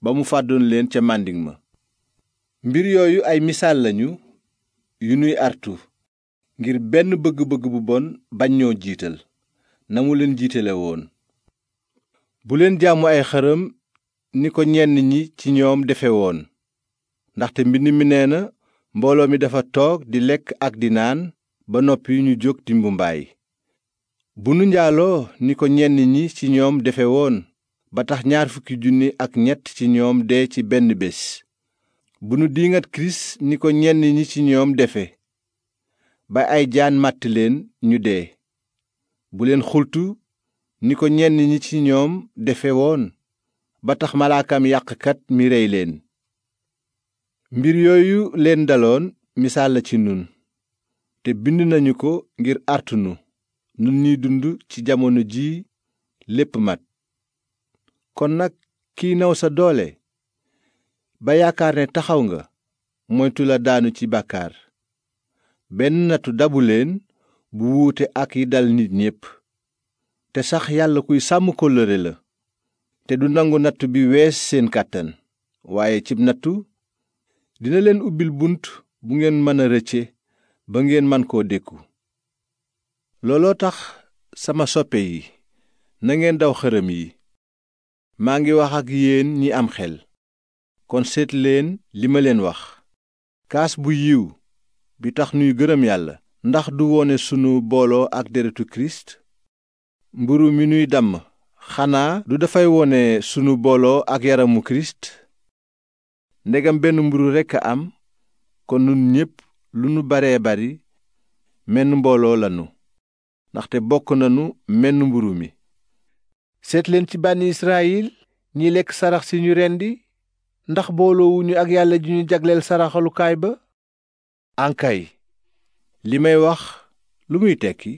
ba mu fàddoon leen ca màndiŋ ma mbir yooyu ay misaal lañu yu ñuy artu ngir benn bëgg-bëgg bu bon bañ ñoo jiital na mu leen jiitale woon bu leen jaamu ay xërëm ni ko ñenn ñi ci ñoom defe woon ndaxte mbind mi nee na mbooloo mi dafa toog di lekk ak di naan ba noppi ñu jóg di mbumbaay bu nu njaaloo ni ko ñenn ñi ci ñoom defe woon ba tax ñaar fukki junni ak ñett ci ñoom dee ci benn bés bu nu diingat kirist ni ko ñenn ñi ci ñoom defe ba ay jaan màtt leen ñu dee bu leen xultu ni ko ñenn ñi ci ñoom defe woon ba tax malaakam yàqkat mi rey leen mbir yooyu leen daloon misaal la ci nun te bind nañu ko ngir àrtunu nun ñuy dund ci jamono ji lépp mat kon nag kiy naw sa doole ba yaakaar ne taxaw nga moytu la daanu ci bàkkaar benn nattu dabu leen bu wuute ak yi dal nit ñépp te sax yàlla kuy sàmm kóllëre la te du nangu nattu bi wees seen kàttan waaye cib nattu dina leen ubbil bunt bu ngeen mën a rëcce ba ngeen man koo dékku looloo tax sama soppe yi nangeen daw xërëm yi maa ngi wax ak yéen ñi am xel kon seet leen li ma leen wax kaas bu yiw bi tax nuy gërëm yàlla ndax du wone sunu booloo ak deretu kirist mburu mi nuy damm xanaa du dafay wone sunu booloo ak yaramu kirist ndegam benn mburu rekk a am kon nun ñépp lu nu baree bari menn mbooloo lanu ndaxte bokk nanu menn mburu mi seet leen ci bànni Israyil ñi lekk sarax si ñu rendi ndax booloowuñu ak yàlla ji ñu jagleel saraxalukaay ba ankay li may wax lu muy tekki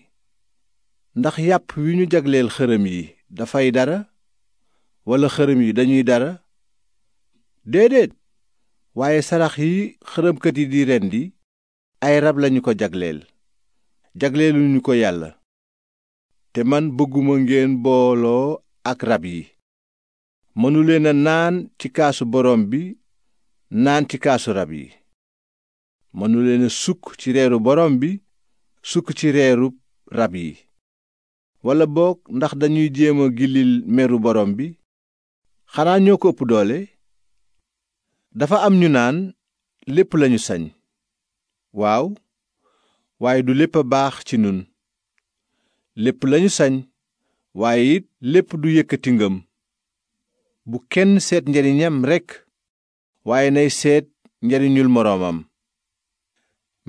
ndax yàpp wi ñu jagleel xërëm yi dafay dara walla xërëm yi dañuy dara déedéet waaye sarax yi xërëmkat yi di rendi ay rab lañu ko jagleel jagleeluñu ko yàlla te man bëgguma ngeen booloo ak rab yi mënuleen a naan ci kaasu borom bi naan ci kaasu rab yi mënuleen sukk ci reeru borom bi sukk ci reeru rab yi walla boog ndax dañuy jéem a gillil meru borom bi xanaa ñoo ko ëpp doole dafa am ñu naan lépp lañu sañ waaw waaye du lépp a baax ci nun lépp lañu sañ waaye it lépp du yëkkati ngëm bu kenn seet njariñam rekk waaye nay seet njariñul moroomam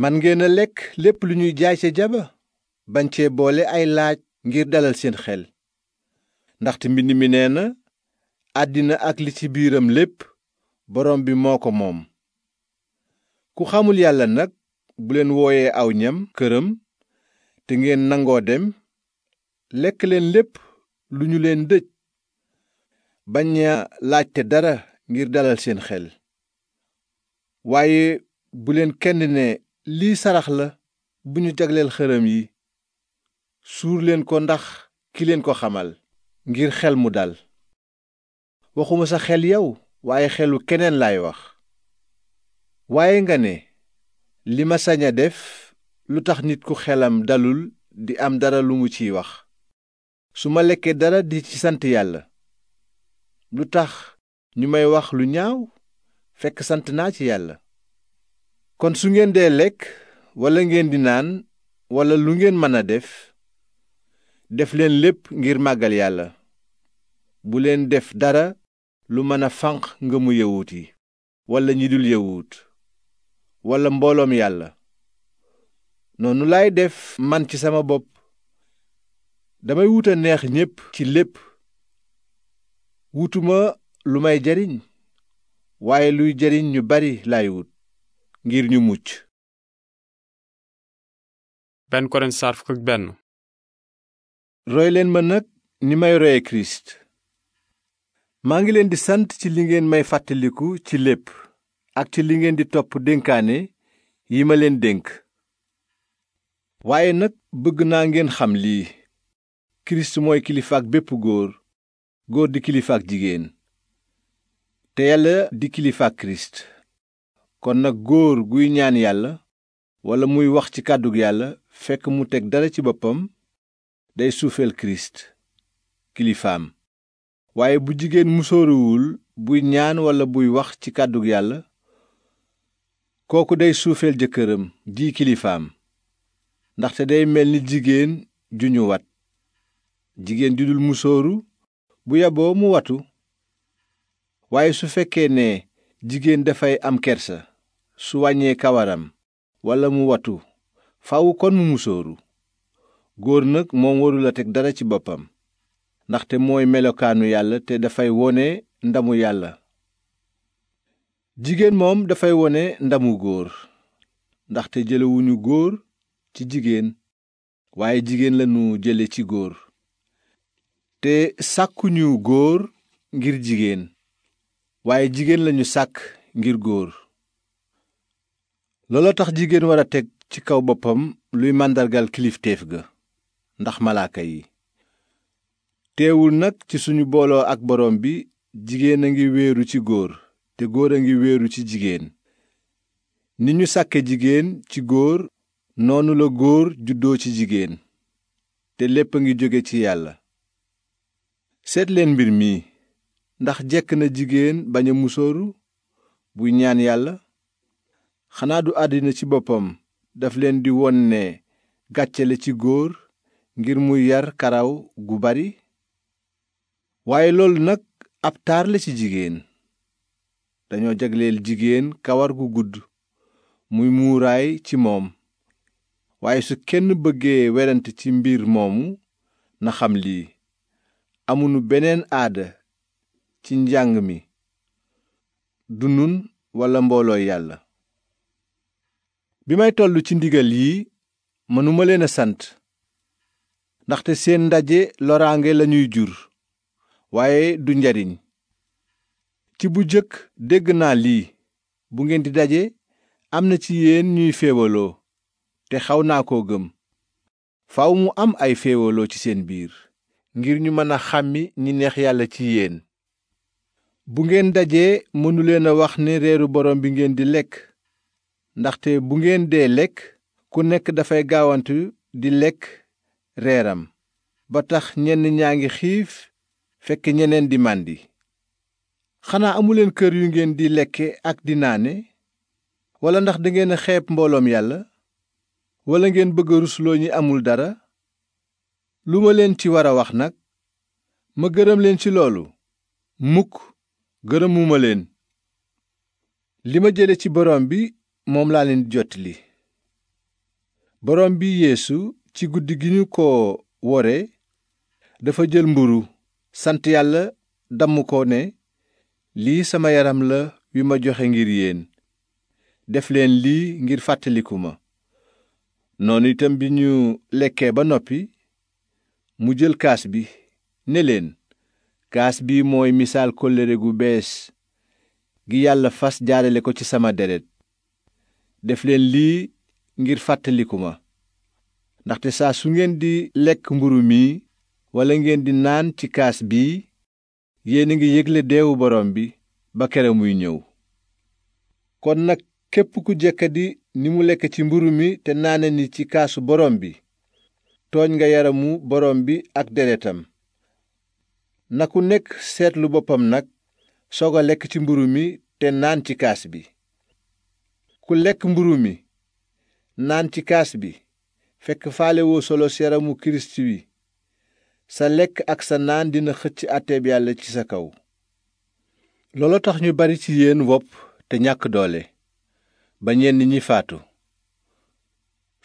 man ngeen a lekk lépp lu ñuy jaay ca jaba bañ cee boole ay laaj ngir dalal seen xel ndaxte mbind mi nee na àddina ak li ci biiram lépp borom bi moo ko moom ku xamul yàlla nag bu leen wooyee aw ñam këram te ngeen nangoo dem lekk leen lépp lu ñu leen dëj bañ a laajte dara ngir dalal seen xel waaye bu leen kenn ne lii sarax la bu ñu jagleel xërëm yi suur leen ko ndax ki leen ko xamal ngir xel mu dal waxuma sa xel yow waaye xelu keneen laay wax waaye nga ne li ma sañ a def lu tax nit ku xelam dalul di am dara lu mu ciy wax su ma lekkee dara di ci sant yàlla lu tax ñu may wax lu ñaaw fekk sant naa ci yàlla kon su ngeen dee lekk walla ngeen di naan walla lu ngeen mën a def def leen lépp ngir màggal yàlla bu leen def dara lu mën a fànq ngëmu yawut yi walla ñi dul yawut walla mbooloom yàlla noonu laay def man ci sama bopp damay wuta neex ñépp ci lépp wutuma lu may jariñ waaye luy jariñ ñu bari lay wut ngir ñu mucc benn Korent saar benn roy leen ma nag ni may roye Kirist maa ngi leen di sant ci li ngeen may fàttaliku ci lépp ak ci li ngeen di topp dénkaane yi ma leen dénk waaye nag bëgg naa ngeen xam lii kirist mooy kilifaak bépp góor góor di kilifaak jigéen te yàlla di kilifaak kirist kon nag góor guy ñaan yàlla walla muy wax ci kàddu yàlla fekk mu teg dara ci boppam day suufeel kirist kilifaam waaye bu jigéen musóoruwul buy ñaan walla buy wax ci kàddu yàlla kooku day suufeel jëkkëram di kilifaam ndaxte day mel ni jigéen ju ñu wat jigéen ju dul musóoru bu yaboo mu watu waaye su fekkee ne jigéen dafay am kersa su wàññee kawaram walla mu watu fawu kon mu musóoru góor nag moom warul a teg dara ci boppam ndaxte mooy melokaanu yàlla te dafay wone ndamu yàlla jigéen moom dafay wone ndamu góor ndaxte jëlewuñu góor ci jigéen waaye jigéen lañu jële ci góor te sàkkuñu góor ngir jigéen waaye jigéen lañu sàkk ngir góor looloo tax jigéen war a teg ci kaw boppam luy màndargal kilifteef ga ndax malaaka yi teewul nag ci suñu booloo ak borom bi jigéen a ngi wéeru ci góor te góor a ngi wéeru ci jigéen ni ñu sàkke jigéen ci góor noonu la góor juddoo ci jigéen te lépp a ngi jóge ci yàlla seet mbir mi ndax jekk na jigéen bañ a musóoru buy ñaan yàlla xanaa du àddina ci boppam daf leen di won ne gàcce ci góor ngir muy yar karaw gu bari waaye loolu nag ab taar ci jigéen dañoo jagleel jigéen kawar gu gudd muy muuraay ci moom waaye su kenn bëggee werante ci mbir moomu na xam lii amunu beneen aada ci njàng mi du nun walla mbooloo yàlla bi may toll ci ndigal yi mënuma leen a sant ndaxte seen ndaje loraange lañuy jur waaye du njariñ ci bu jëkk dégg naa lii bu ngeen di daje am na ci yéen ñuy féewaloo te xaw naa koo gëm faaw mu am ay féewaloo ci seen biir ngir ñu mën a xàmmi ñi neex yàlla ci yéen bu ngeen dajee mënuleen a wax ne reeru borom bi ngeen di lekk ndaxte bu ngeen dee lekk ku nekk dafay gaawantu di lekk reeram ba tax ñenn ñaa ngi xiif fekk ñeneen di màndi xanaa amuleen kër yu ngeen di lekke ak di naane walla ndax dangeen a xeeb mbooloom yàlla walla ngeen bëgg a rusloo ñi amul dara lu ma leen ci war a wax nag ma gërëm leen ci loolu mukk gërëmuma leen li ma jële ci borom bi moom laa leen jot li borom bi yéesu ci guddi gi ñu ko wore dafa jël mburu sant yàlla damm ko ne lii sama yaram la wi ma joxe ngir yéen def leen lii ngir fàttaliku ma noonu itam bi ñu lekkee ba noppi mu jël kaas bi ne leen kaas bi mooy misaal kóllëre gu bees gi yàlla fas jaarale ko ci sama deret def leen lii ngir fàttaliku ma ndaxte saa su ngeen di lekk mburu mi walla ngeen di naan ci kaas bi yéen a ngi yégle deewu borom bi ba kere muy ñëw kon nag képp ku jekkadi ni mu lekk ci mburu mi te naane ni ci kaasu borom bi tooñ nga yaramu borom bi ak deretam na ku nekk seetlu boppam nag soog a lekk ci mburu mi te naan ci kaas bi ku lekk mburu mi naan ci kaas bi fekk faalewoo solos yaramu kirist wi sa lekk ak sa naan dina xëcc àtteeb yàlla ci sa kaw loolo tax ñu bari ci yéen wopp te ñàkk doole ba ñenn ñi faatu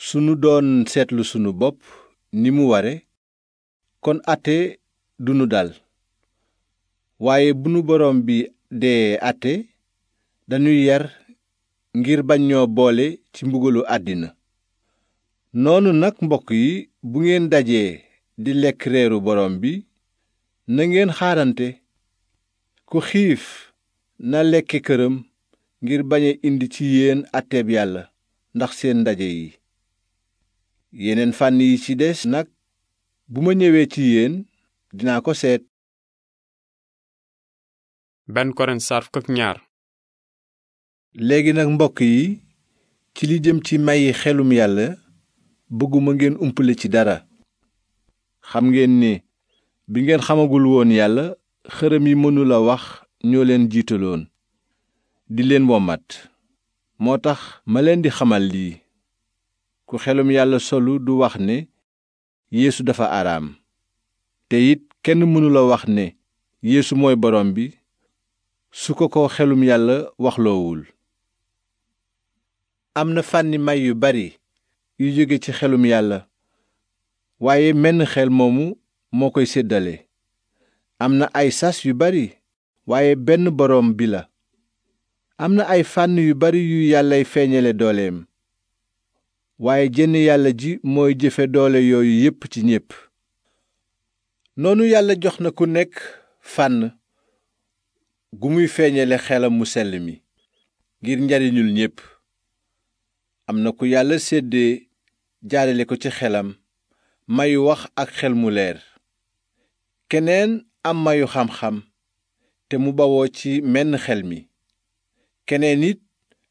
sunu doon seetlu sunu bopp ni mu ware kon àtte dunu dal waaye bu nu borom bi dee àtte dañuy yar ngir bañ ñoo boole ci mbugalu àddina noonu nag mbokk yi bu ngeen dajee di lekk reeru borom bi na ngeen xaarante ku xiif na lekke këram ngir bañ indi ci yéen àtteeb yàlla ndax seen ndaje yi yeneen fànn yi ci des nag bu ma ñëwee ci dinaa ko seet benn Korent saar ñaar léegi nag mbokk yi ci li jëm ci mayi xelum yàlla bëgguma ngeen umpale ci dara xam ngeen ni bi ngeen xamagul woon yàlla xërëm yi mënula wax ñoo leen jiitaloon di leen wommat moo tax ma leen di xamal lii ku xelum yàlla solu du wax ne yeesu dafa araam te it kenn mënula wax ne yéesu mooy boroom bi su ko ko xelum yàlla waxloowul am na fànni may yu bari yu jóge ci xelum yàlla waaye menn xel moomu moo koy séddale am na ay sas yu bari waaye benn boroom bi la am na ay fànn yu bari yu yàllay feeñale dooleem waaye jenn yàlla ji mooy jëfe doole yooyu yépp ci ñépp noonu yàlla jox na ku nekk fànn gu muy feeñale xelam mu sell mi ngir njariñul ñépp am na ku yàlla seddee jaarale ko ci xelam mayu wax ak xel mu leer keneen am mayu xam-xam te mu bawoo ci menn xel mi keneen it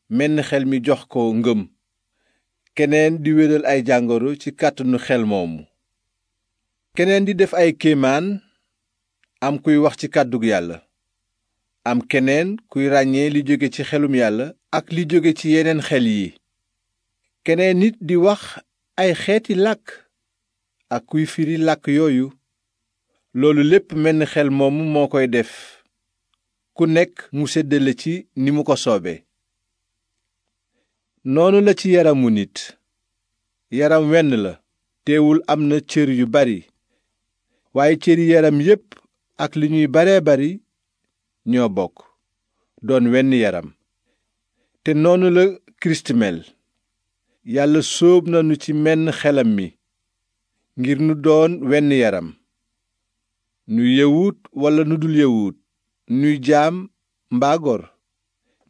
menn xel mi jox ko ngëm keneen di wéral ay jàngoro ci kàttanu xel moomu keneen di def ay kéemaan am kuy wax ci kàddug yàlla am keneen kuy ràññee li jóge ci xelum yàlla ak li jóge ci yeneen xel yi keneen nit di wax ay xeeti làkk ak kuy firi làkk yooyu loolu lépp menn xel moomu moo koy def ku nekk mu seddale ci ni mu ko soobee noonu la ci yaramu nit yaram wenn la teewul am na cër yu bari waaye cëri yaram yépp ak li ñuy baree bari ñoo bokk doon wenn yaram te noonu la kirist mel yàlla sóob nanu ci menn xelam mi ngir nu doon wenn yaram nu yëwut walla nu dul yëwut nuy jaam mbaa gor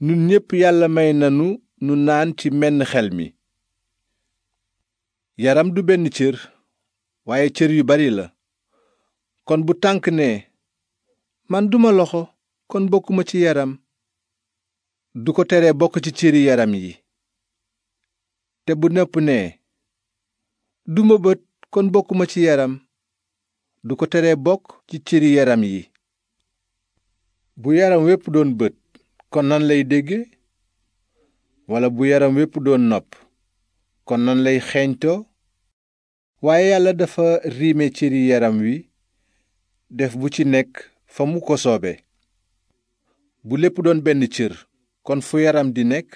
nun ñépp yàlla may nanu nu naan ci menn xel mi yaram du benn cër waaye cër yu bari la kon bu tànk ne man duma loxo kon bokkuma ci yaram du ko tere bokk ci cëri yaram yi te bu nëpp ne duma bët kon bokkuma ci yaram du ko tere bokk ci cëri yaram yi bu yaram wépp doon bët kon nan lay dégge walla bu yaram wépp doon nopp kon nan lay xeeñtoo waaye yàlla dafa riime cëri yaram wi def bu ci nekk fa mu ko soobe bu lépp doon benn cër kon fu yaram di nekk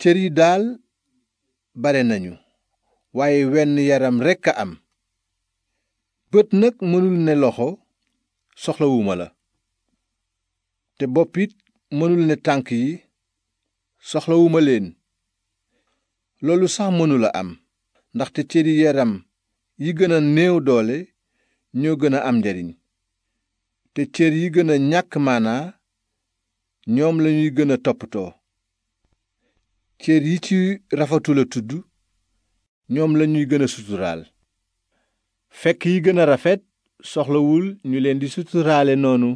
cër yi daal bare nañu waaye wenn yaram rekk a am bët nag mënul ne loxo soxlawuma la te bopp it mënul ne tànk yi soxlawuma leen loolu sax mënula am ndaxte cëri yaram yi gën a néew doole ñoo gën a am njariñ te cër yi gën a ñàkk maanaa ñoom lañuy gën a toppatoo cër yi ci rafetul a tudd ñoom lañuy gën a suturaal fekk yi gën a rafet soxlawul ñu leen di suturaale noonu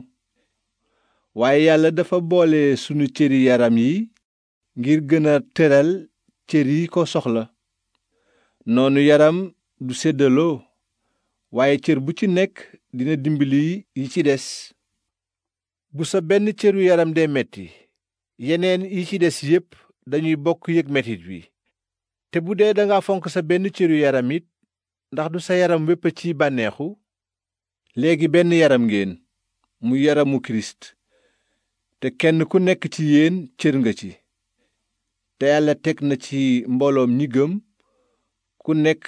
waaye yàlla dafa boole sunu cëri yaram yi ngir gën a teral cër yi ko soxla noonu yaram du séddaloo waaye cër bu ci nekk dina dimbali yi ci des bu sa benn cëru yaram dee metti yeneen yi ci des yépp dañuy bokk yég metit wi te bu dee danga fonk sa benn cëru yaramit ndax du sa yaram wépp ci bànneexu léegi benn yaram ngeen mu yaramu kirist te kenn ku nekk ci yéen cër nga ci te yàlla teg na ci mbooloom ñi gëm ku nekk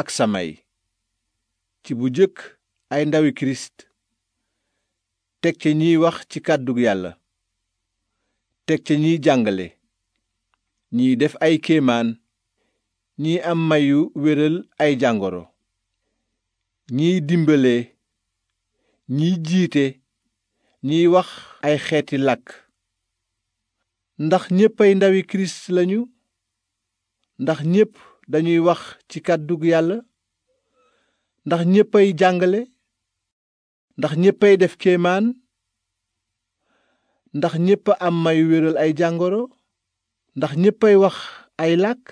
ak samay ci bu jëkk ay ndawi kirist teg ca ñiy wax ci kàddu yàlla teg ca ñiy jàngale ñiy def ay kéemaan ñiy am mayu wéral ay jàngoro ñiy dimbale ñiy jiite ñiy wax ay xeeti làkk ndax ñépp ay ndawi kirist lañu ndax ñépp dañuy wax ci kàddu yàlla ndax ñépp ay jàngale ndax ñépp ay def kemaan ndax ñépp am may wéral ay jàngoro ndax ñépp ay wax ay làkk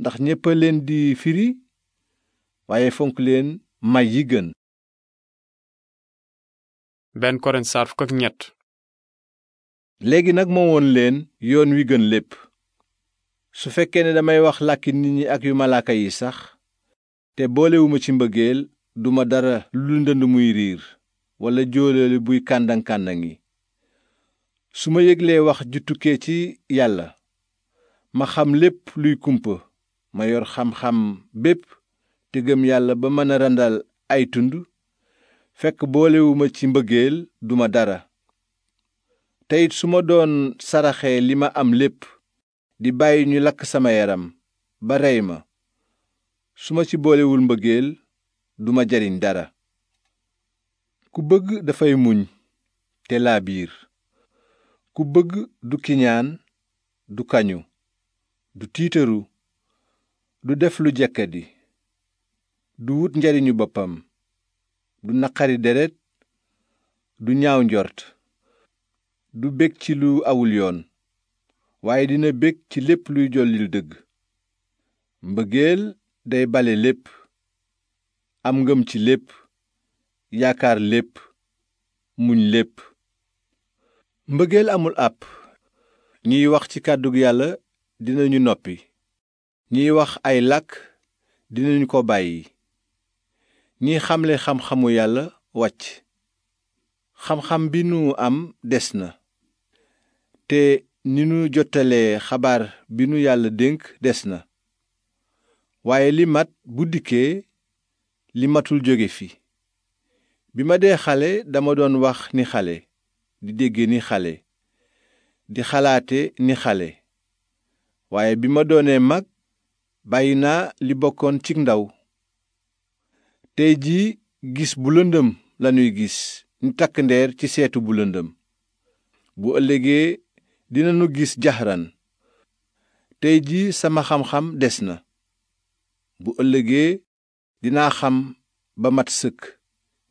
ndax ñépp a leen di firi waaye fonk leen may yi gën benn ñett léegi nag ma woon leen yoon wi gën lépp su fekkee ne damay wax làkki nit ñi ak yu malaaka yi sax te boolewuma ci mbëggeel duma dara lu ndënd muy riir walla jóolali buy kàndaŋ-kàndaŋi su ma yëglee wax ju tukkee ci yàlla ma xam lépp luy kumpa ma yor xam-xam bépp te gëm yàlla ba mën a randal ay tund fekk boolewuma ci mbëggeel duma dara te su ma doon saraxee li ma am lépp di bàyyi ñu lakk sama yaram ba rey ma su ma ci boolewul mbëggeel duma jariñ dara ku bëgg dafay muñ te laa biir ku bëgg du kiñaan du kañu du tiitaru du def lu jekkadi du wut njariñu boppam du naqari deret du ñaaw njort du bég ci lu awul yoon waaye dina bég ci lépp luy jollil dëgg mbëggeel day bale lépp am ngëm ci lépp yaakaar lépp muñ lépp mbëggeel amul àpp ñuy wax ci kàddu yàlla dinañu noppi ñuy wax ay làkk dinañu ko bàyyi ñi xamle xam-xamu yàlla wàcc xam-xam bi nu am des na te ni nu jottalee xabaar bi nu yàlla dénk des na waaye li mat bu dikkee li matul jóge fi bi ma dee xale dama doon wax ni xale di dégge ni xale di xalaate ni xale waaye bi ma doonee mag bàyyi naa li bokkoon ci ndaw tey jii gis bu lëndëm lanuy gis ni takk ndeer ci seetu bu lëndëm bu ëllëgee dinanu gis jaxran tey ji sama xam-xam des na bu ëllëgee dinaa xam ba mat sëkk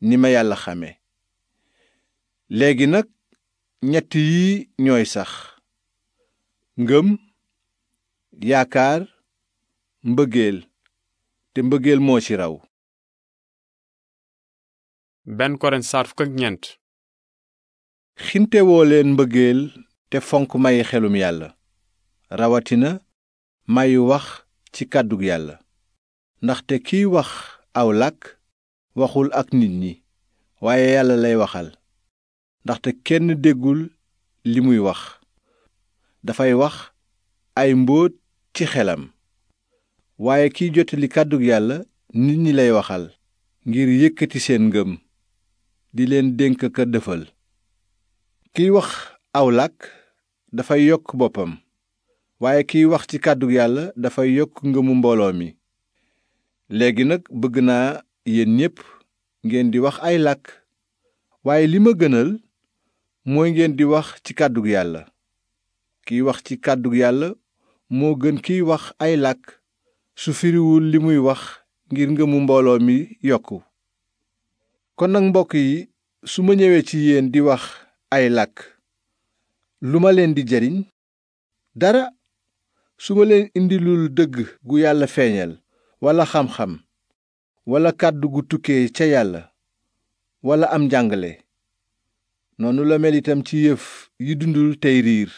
ni ma yàlla xame léegi nag ñett yi ñooy sax ngëm yaakaar mbëggeel te mbëggeel moo ci raw benn leen mbëggeel te fonk mayi xelum yàlla rawatina mayu wax ci kàddug yàlla ndaxte kiy wax aw làkk waxul ak nit ñi waaye yàlla lay waxal ndaxte kenn déggul li muy wax dafay wax ay mbóot ci xelam waaye kiy jottali kàddug yàlla nit ñi lay waxal ngir yëkkati seen ngëm di leen dénk ka dëfal kiy wax aw làkk dafay yokk boppam waaye kiy wax ci kàddu yàlla dafay yokk ngëmu mbooloo mi léegi nag bëgg naa yéen ñépp ngeen di wax ay làkk waaye li ma gënal mooy ngeen di wax ci kàddu yàlla kiy wax ci kàddu yàlla moo gën kiy wax ay làkk su firiwul li muy wax ngir ngëmu mbooloo mi yokku kon nag mbokk yi su ma ñëwee ci yéen di wax ay làkk lu ma leen di jariñ dara su ma leen indilul dëgg gu yàlla feeñal walla xam-xam walla kàddu gu tukkee ca yàlla walla am njàngale noonu la mel itam ci yëf yi dundul tey riir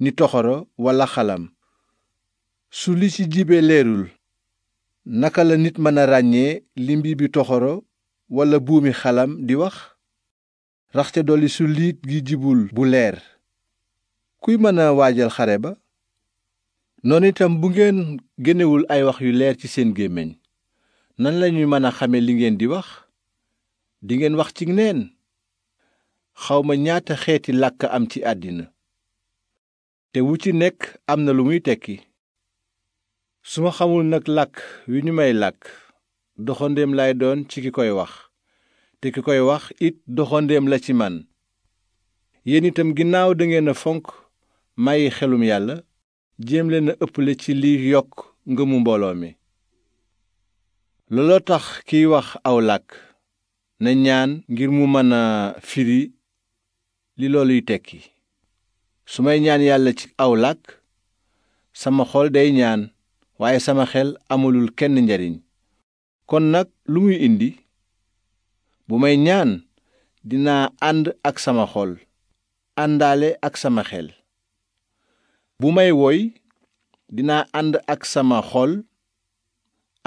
ni toxoro walla xalam su li ci jibee leerul naka la nit mën a ràññee limbi bi toxoro walla buumi xalam di wax raxte dolli su liit gi jibul bu leer kuy mën a waajal xare ba noonu itam bu ngeen génnewul ay wax yu leer ci seen gémmiñ nan lañuy mën a xame li ngeen di wax dingeen wax ci neen xawma ñaata xeeti làkk am ci àddina te wu ci nekk am na lu muy tekki su ma xamul nag làkk wi ñu may làkk doxandéem lay doon ci ki koy wax te ki koy wax it doxandeem la ci man yéen itam ginnaaw dangeen a fonk mayi xelum yàlla jéem na a ëpple ci liir yokk ngëmu mbooloo mi looloo tax kiy wax aw làkk na ñaan ngir mu mën a firi li looluy tekki su may ñaan yàlla ci aw làkk sama xol day ñaan waaye sama xel amulul kenn njariñ kon nag lu muy indi bu may ñaan dinaa ànd ak sama xol àndaale ak sama xel bu may woy dinaa ànd ak sama xol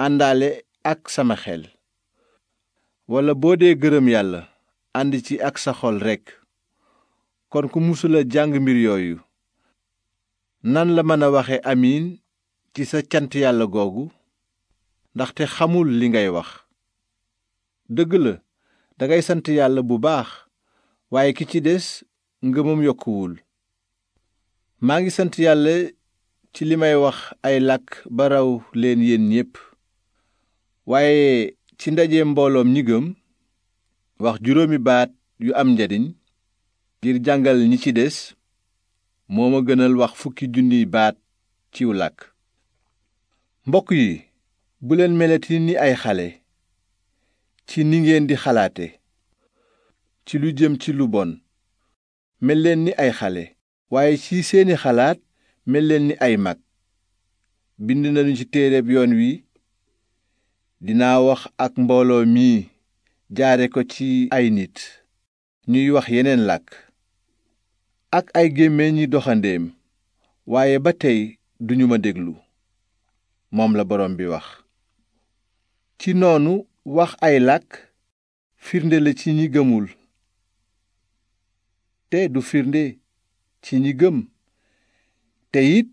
àndale ak sama xel walla boo dee gërëm yàlla ànd ci ak sa xol rekk kon ku musula jàng mbir yooyu nan la mën a waxe amiin ci sa cant yàlla googu ndaxte xamul li ngay wax dëgg la dangay sant yàlla bu baax waaye ki ci des ngëmam yokkuwul maa ngi sant yàlla ci li may wax ay làkk ba raw leen yéen ñépp waaye ci ndaje mbooloom ñi gëm wax juróomi baat yu am njariñ ngir jàngal ñi ci des moo ma gënal wax fukki junniy baat ciw làkk mbokk yi bu leen meleti ni ay xale ci ni ngeen di xalaate ci lu jëm ci lu bon mel leen ni ay xale waaye ci seeni xalaat mel ni ay mag bind nañu ci téereb yoon wi dinaa wax ak mbooloo mi jaare ko ci ay nit ñuy wax yeneen làkk ak ay gémmiñ ñi doxandeem waaye ba tey duñu ma déglu moom la borom bi wax ci noonu wax ay làkk firnde la ci ñi gëmul te du firnde ci ñi gëm te it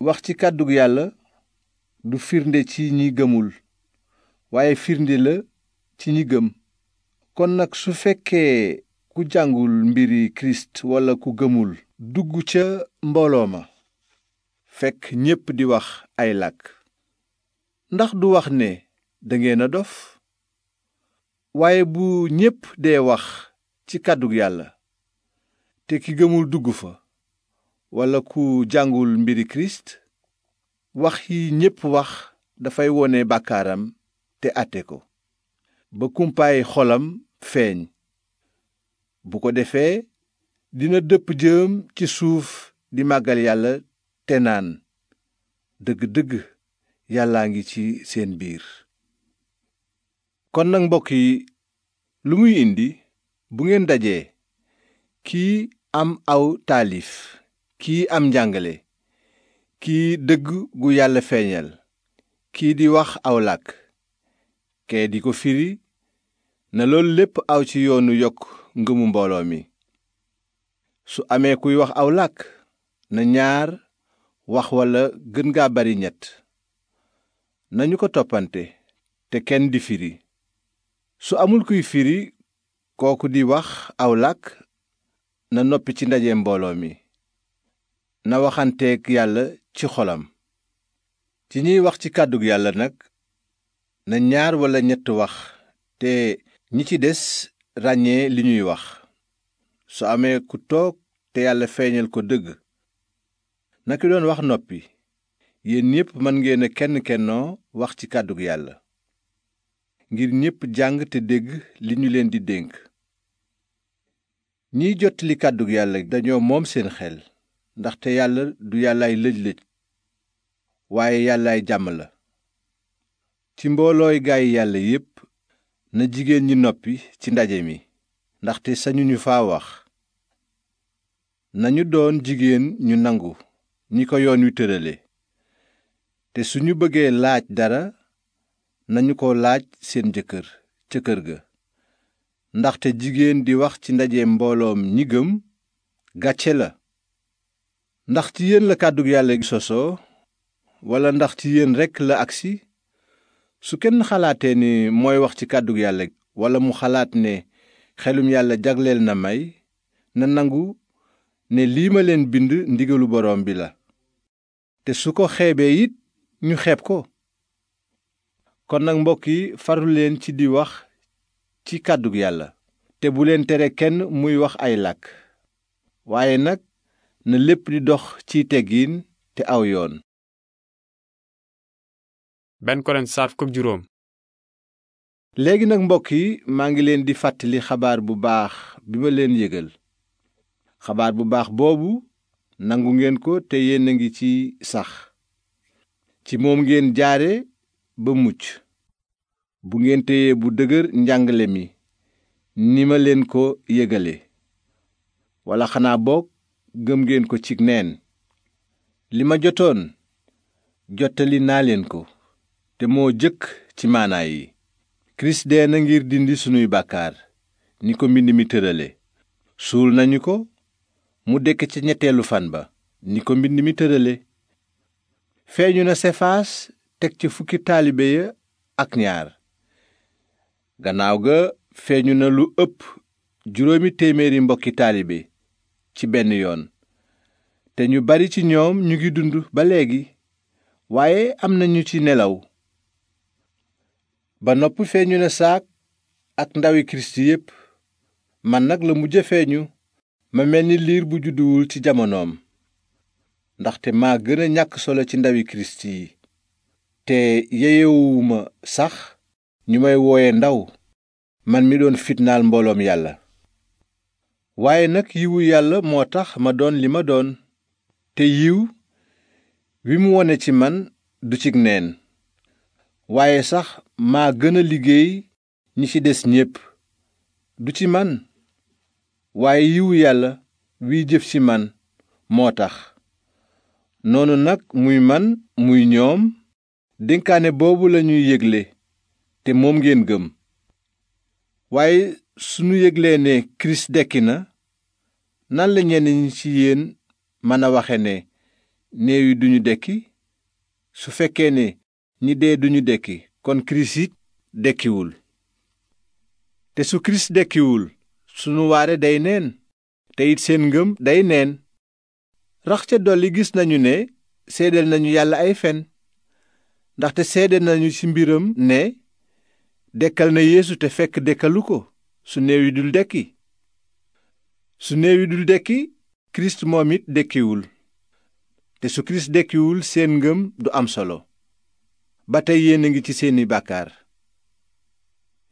wax ci kàddug yàlla du firnde ci ñi gëmul waaye firnde la ci ñi gëm kon nag su fekkee ku jàngul mbiri kirist walla ku gëmul dugg ca mbooloo ma fekk ñépp di wax ay làkk ndax du wax ne dangeen a dof waaye bu ñépp dee wax ci kàddug yàlla te ki gëmul dugg fa walla ku jàngul mbiri kirist wax yi ñépp wax dafay wone bakkaaram te àtte ko ba kumpaay xolam feeñ bu ko defee dina dëpp jëm ci suuf di màggal yàlla te naan dëgg-dëgg yàllaa ngi ci seen biir kon nag mbokk yi lu muy indi bu ngeen dajee kii am aw taalif kii am njàngale kii dëgg gu yàlla feeñal kii di wax aw làkk kee di ko firi na loolu lépp aw ci yoonu yokk ngëmu mbooloo mi su amee kuy wax aw làkk na ñaar wax walla gën gaa bari ñett nañu ko toppante te kenn di firi su amul kuy firi kooku di wax aw làkk na noppi ci ndaje mbooloo mi na waxanteeg yàlla ci xolam ci ñiy wax ci kàddug yàlla nag na ñaar walla ñett wax te ñi ci des ràññee li ñuy wax su amee ku toog te yàlla feeñal ko dëgg na ki doon wax noppi yéen ñépp mën ngeen a kenn kennoo wax ci kàddug yàlla ngir ñépp jàng te dégg li ñu leen di dénk ñiy jottali kàddug yàlla dañoo moom seen xel ndaxte yàlla du yàllaay lëj-lëj waaye yàllaay jàmm la ci mboolooy gaay yàlla yépp na jigéen ñi noppi ci ndaje mi ndaxte sañuñu faa wax nañu doon jigéen ñu nangu ñi ko yoon wi tërale te suñu bëggee laaj dara nañu ko laaj seen jëkkër ca kër ga ndaxte jigéen di wax ci ndaje mbooloom ñi gëm gàcce la ndax ci yéen la kàddug yàlla gi sosoo walla ndax ci yéen rekk la agsi su kenn xalaatee ni mooy wax ci kàddug yàlla gi walla mu xalaat ne xelum yàlla jagleel na may na nangu ne lii ma leen bind ndigalu borom bi la te su ko xeebee it ñu xeeb ko kon nag mbokk yi faru leen ci di wax ci kàddug yàlla te bu leen tere kenn muy wax ay làkk waaye nag na lépp di dox ci teggin te aw yoon benn Korent juróom léegi nag mbokk yi maa ngi leen di fàttali xabaar bu baax bi ma leen yëgal xabaar bu baax boobu nangu ngeen ko te yéen a ngi ci sax ci moom ngeen jaare ba mucc bu ngeen téye bu dëgër njàngale mi ni ma leen ko yëgale walla xanaa boog gëm ngeen ko ci neen li ma jotoon jottali naa leen ko te moo jëkk ci maanaa yi kirist dee na ngir dindi sunuy bàkkaar ni ko mbind mi tërale suul nañu ko mu dekk ca ñetteelu fan ba ni ko mbind mi tërale feeñu na sefaas teg ca fukki taalibe ya ak ñaar gannaaw ga feeñu na lu ëpp juróomi téeméeri mbokki taalibe ci benn yoon te ñu bari ci ñoom ñu ngi dund ba léegi waaye am na ñu ci nelaw ba noppi feeñu na saak ak ndawi kirist yépp man nag la mujj feeñu ma mel ni liir bu judduwul ci jamonoom ndaxte maa gën a ñàkk solo ci ndawi kirist yi te yeyewuma sax ñu may wooye ndaw man mi doon fitnaal mbooloom yàlla waaye nag yiwu yàlla moo tax ma doon li ma doon te yiw wi mu wone ci man du cig neen waaye sax maa gën a liggéey ñi ci des ñépp du ci man waaye yiwu yàlla wiy jëf ci man moo tax noonu nag muy man muy ñoom dénkaane boobu lañuy yégle te moom ngeen gëm waaye sunu yéglee ne kirist dekki na nan la ñenn ci yéen mën a waxe ne néew yi duñu dekki su fekkee ne ñi dee duñu dekki kon kirist yit dekkiwul te su kirist dekkiwul sunu waare day neen te seen ngëm day neen rax ca dolli gis nañu ne seedeel nañu yàlla ay fen ndaxte seede nañu ci mbiram ne dekkal na yéesu te fekk dekkalu ko su néew yi dul dekki su néew yi dul dekki kirist moom it dekkiwul te su kirist dekkiwul seen ngëm du am solo ba tey yéen a ngi ci seeni bàkkaar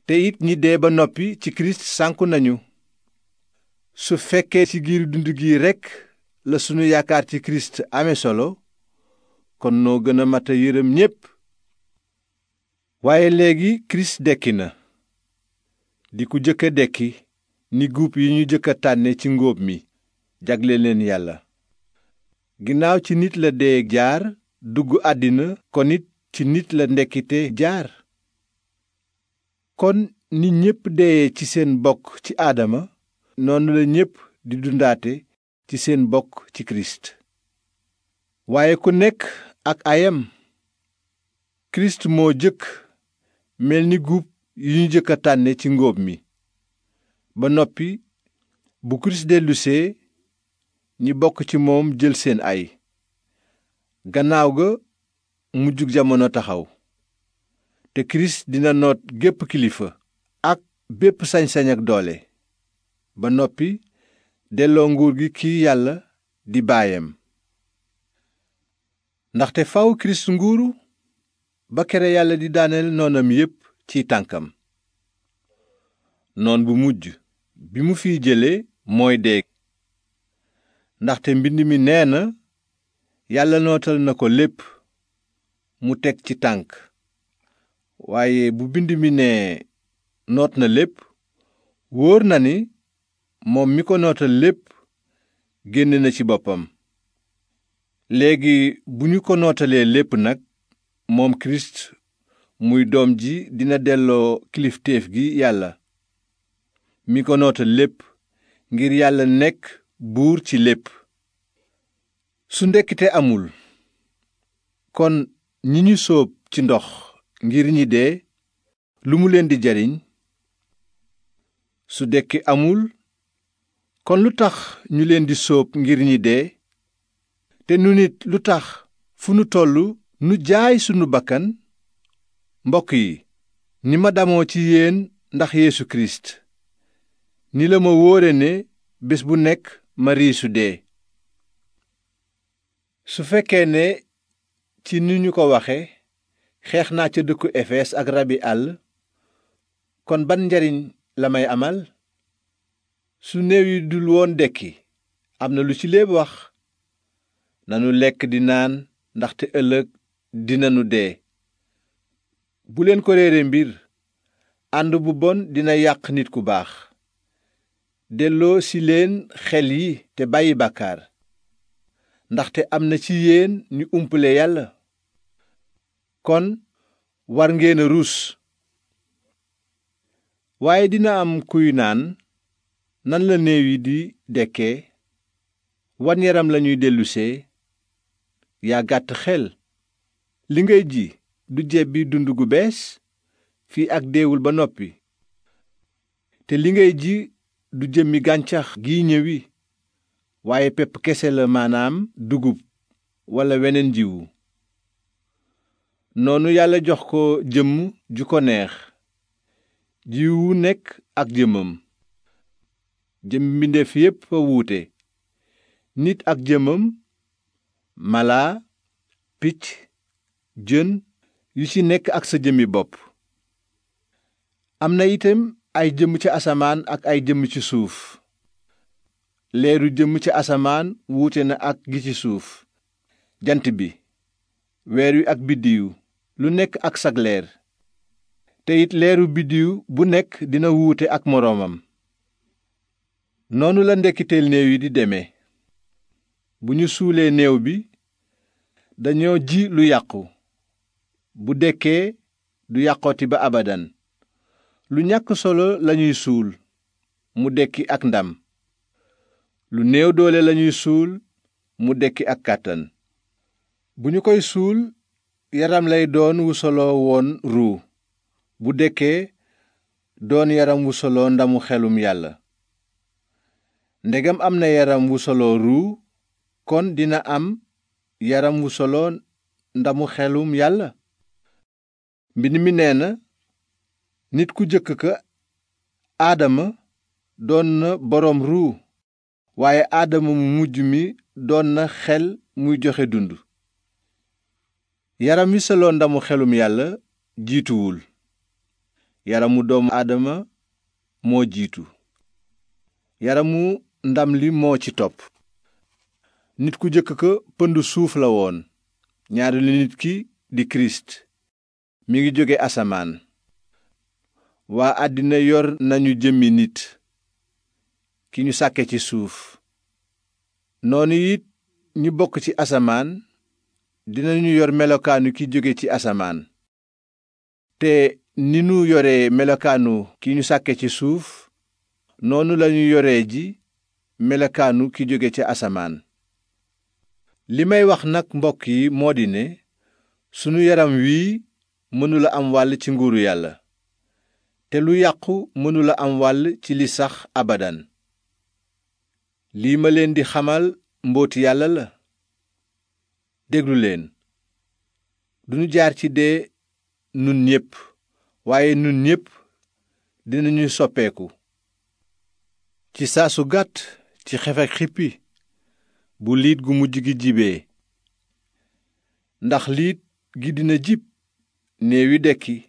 te it ñi dee ba noppi ci kirist sànku nañu su fekkee ci giir dund gi rekk la sunu yaakaar ci kirist ame solo kon noo gën a mat yërëm ñépp waaye léegi kirist dekki na di ku jëkk a dekki ni guub yi ñu jëkk a tànne ci ngóob mi jagle leen yàlla ginnaaw ci nit la dee jaar dugg àddina kon it ci nit la ndekkite jaar kon ni ñépp dee ci seen bokk ci aadama noonu la ñépp di dundaate ci seen bokk ci kirist waaye ku nekk ak ayam kirist moo jëkk mel ni guub yu ñu jëkk a tànne ci ngoob mi ba noppi bu kirist dellusee ñi bokk ci moom jël seen ay gannaaw ga mujjug jamono taxaw te kirist dina noot gépp kilifa ak bépp sañ-sañ ak doole ba noppi delloo nguur gi kii yàlla di baayam ndaxte faw kirist nguuru ba kere yàlla di daaneel noonam yépp ci tànkam noon bu mujj bi mu fiy jële mooy dee ndaxte mbind mi nee na yàlla nootal na ko lépp mu teg ci tànk waaye bu bind mi nee noot na lépp wóor na ni moom mi ko nootal lépp génne na ci boppam léegi bu ñu ko nootalee lépp nag moom kirist muy doom ji dina delloo kilifteef gi yàlla mi ko nootal lépp ngir yàlla nekk buur ci lépp su ndekkite amul kon ñi ñu sóob ci ndox ngir ñi dee lu mu leen di jariñ su dekki amul kon lu tax ñu leen di soob ngir ñi dee te nu nit lu tax fu nu tollu nu jaay sunu bakkan mbokk yi ni ma damoo ci yéen ndax Yeesu Kirist ni la ma wóore ne bés bu nekk ma riisu dee su fekkee ne ci ni ñu ko waxe xeex naa ca dëkku Efes ak rabi àll kon ban njariñ la may amal su néew yi dul woon dekki am na lu ci léeb wax nanu lekk di naan ndaxte ëllëg dinanu dee bu leen ko réere mbir ànd bu bon dina yàq nit ku baax delloo ci leen xel yi te bàyyi bàkkaar ndaxte am na ci yéen ñu umpale yàlla kon war ngeen a ruus waaye dina am kuy naan nan la néew yi di dekkee wan yaram lañuy dellusee yaa gàtt xel li ngay ji du jebbi dund gu bees fii ak deewul ba noppi te li ngay ji du jëmmi gàncax giy ñëwi waaye pepp kese la maanaam dugub walla weneen jiwu noonu yàlla jox ko jëmm ju ko neex jiwu wu nekk ak jëmmam jëm mbindeef yépp a wuute nit ak jëmmam malaa picc jën yu ci nekk ak sa jëmmi bopp am na itam ay jëmm ci asamaan ak ay jëmm ci suuf leeru jëmm ci asamaan wuute na ak gi ci suuf jant bi weer wi ak biddiw lu nekk ak sag leer te it leeru biddiw bu nekk dina wuute ak moroomam noonu la ndekkiteel néew yi di deme bu ñu suulee néew bi dañoo ji lu yàqu bu dekkee du yàqooti ba abadan lu ñàkk solo lañuy suul mu dekki ak ndam lu néew doole lañuy suul mu dekki ak kàttan bu ñu koy suul yaram lay doon wu soloo woon ruu bu dekkee doon yaram wu soloo ndamu xelum yàlla ndegam am na yaram wu solo ruu kon dina am yaram wu soloo ndamu xelum yàlla mbind mi nee na nit ku jëkk ka aadama doon na boroom ruu waaye aadama mu mujj mi doon na xel muy joxe dund yaram wi seloo ndamu xelum yàlla jiituwul yaramu doomu aadama moo jiitu yaramu ndam li moo ci topp nit ku jëkk ko pënd suuf la woon ñaareelu nit ki di kirist mi ngi jóge asamaan waa àddina yor nañu jëmmi nit ki ñu sàkke ci suuf noonu it ñu bokk ci asamaan dinañu yor melokaanu ki jóge ci asamaan te ni nu yore melokaanu ki ñu sàkke ci suuf noonu lañu yore ji melokaanu ki jóge ci asamaan li may wax nag mbokk yi moo di ne sunu yaram wii mënula am wàll ci nguuru yàlla te lu yàqu mënula am wàll ci li sax abadan lii ma leen di xamal mbooti yàlla la déglu leen duñu jaar ci dee nun ñépp waaye nun ñépp dinañu soppeeku ci saa su gàtt ci xef xippi bu liit gu mujj gi jibee ndax liit gi dina jib néewi dekki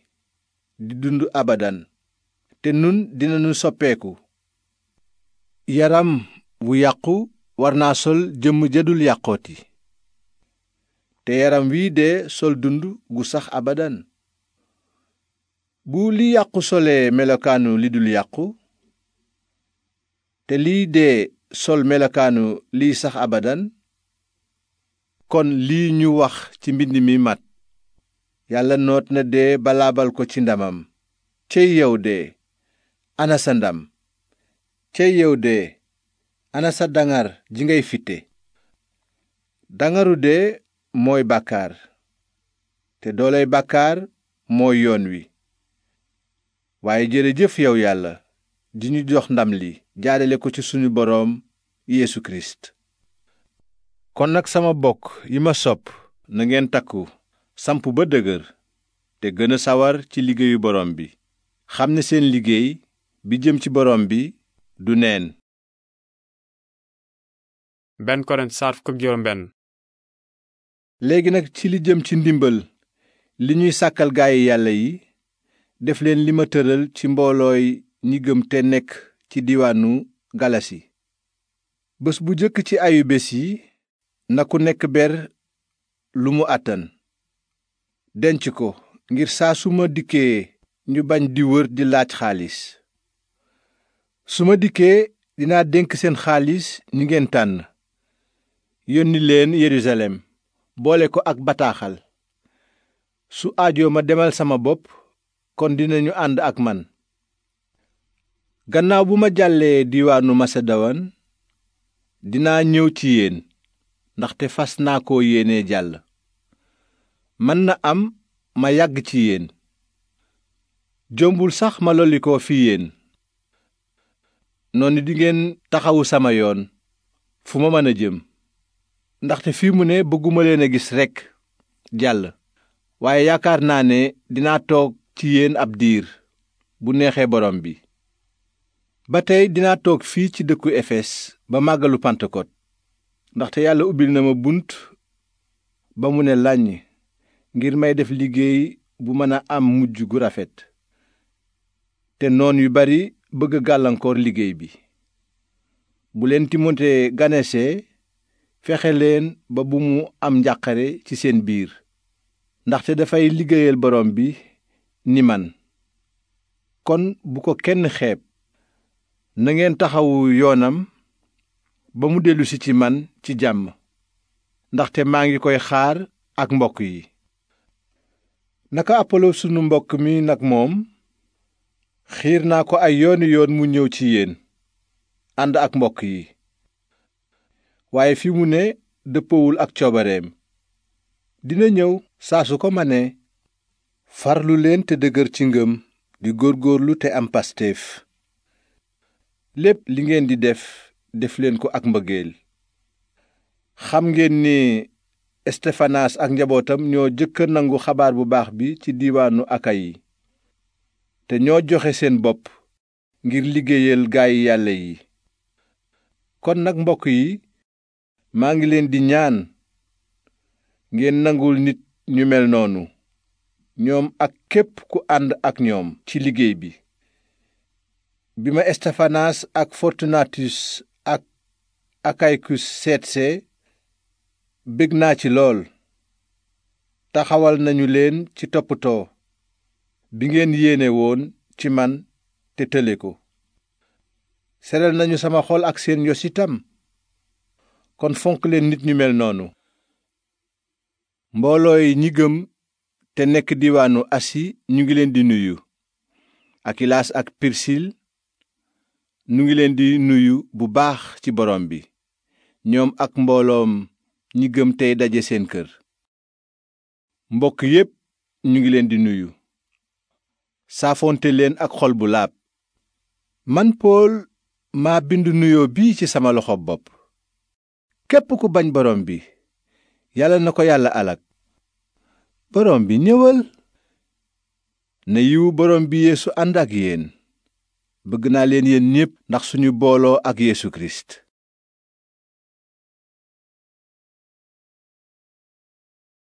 di dund abadan te nun dinanu soppeeku yaram wu yàqu war naa sol jëmm jëdul yàqooti te yaram wii dee sol dund gu sax abadan bu li yàqu solee melokaanu li dul yàqu te lii dee sol melokaanu liy sax abadan kon lii ñu wax ci mbind mi mat yàlla noot na dee balaabal ko ci ndamam céy yow dee ana sa ndam céy yow dee ana sa dangar ji ngay fitte dangaru dee mooy bàkkaar te dooley bàkkaar mooy yoon wi waaye jërëjëf yow yàlla di ñu jox ndam li jaadale ko ci suñu boroom Yeesu Kirist kon nag sama bokk yi ma sopp na ngeen takku samp ba dëgër te gën a sawar ci liggéeyu borom bi xam ne seen liggéey bi jëm ci borom bi du neen benn korent saar léegi nag ci li jëm ci ndimbal li ñuy sàkkal gaayi yàlla yi def leen li ma tëral ci mboolooy ñi gëm te nekk ci diwaanu galasi bés bu jëkk ci ayu bés yi na ku nekk ber lu mu àttan denc ko ngir saa su ma dikkee ñu bañ di wër di laaj xaalis su ma dikkee dinaa dénk seen xaalis ñi ngeen tànn yónni leen Yerusalem boole ko ak bataaxal su ajoo ma demal sama bopp kon dinañu ànd ak man gannaaw bu ma jàllee diiwaanu Masedowan dinaa ñëw ci yéen ndaxte fas naa ko yéenee jàll mën na am ma yàgg ci yéen jombul sax ma lolli ko fi yéen noonu dingeen taxawu sama yoon fu ma mën a jëm ndaxte fii mu ne bëgguma leen a gis rekk jàll waaye yaakaar naa ne dinaa toog ci yéen ab diir bu neexee borom bi ba tey dinaa toog fii ci dëkku efes ba màggalu Pentecôte ndaxte yàlla ubbil na ma bunt ba mu ne làññ ngir may def liggéey bu mën a am mujj gu rafet te noon yu bari bëgg gàllankoor liggéey bi bu leen timote ganesee fexe leen ba bu mu am njàqare ci seen biir ndaxte dafay liggéeyal borom bi ni man kon bu ko kenn xeeb na ngeen taxawu yoonam ba mu dellusi ci man ci jàmm ndaxte maa ngi koy xaar ak mbokk yi naka apolo sunu mbokk mi nag moom xiir naa ko ay yooni yoon mu ñëw ci yéen ànd ak mbokk yi waaye fi mu ne dëppawul ak coobareem dina ñëw saa su ko manee farlu leen te dëgër ci ngëm di góor góorlu te am pasteef lépp li ngeen di def def leen ko ak mbëggeel xam ngeen ni estefanaas ak njabootam ñoo jëkk a nangu xabaar bu baax bi ci diiwaanu akayi te ñoo joxe seen bopp ngir liggéeyal gaay yàlla yi kon nag mbokk yi maa ngi leen di ñaan ngeen nangul nit ñu mel noonu ñoom ak képp ku ànd ak ñoom ci liggéey bi bi ma estefanaas ak fortunatus ak akaykus seetsee bég naa ci lool taxawal nañu leen ci toppatoo bi ngeen yéene woon ci man te tële ko seral nañu sama xol ak seen yos itam kon fonk leen nit ñu mel noonu mbooloo yi ñi gëm te nekk diwaanu asi ñu ngi leen di nuyu akilaas ak pirsil ñu ngi leen di nuyu bu baax ci borom bi ñoom ak mbooloom ñi gëm tey daje seen kër mbokk yépp ñu ngi leen di nuyu saafoonte leen ak xol bu laab man pool maa bind nuyoo bii ci sama loxo bopp képp ku bañ borom bi yàlla na ko yàlla alak borom bi ñëwal na yiwu borom bi yeesu ànd ak yéen bëgg naa leen yéen ñépp ndax suñu booloo ak yéesu kirist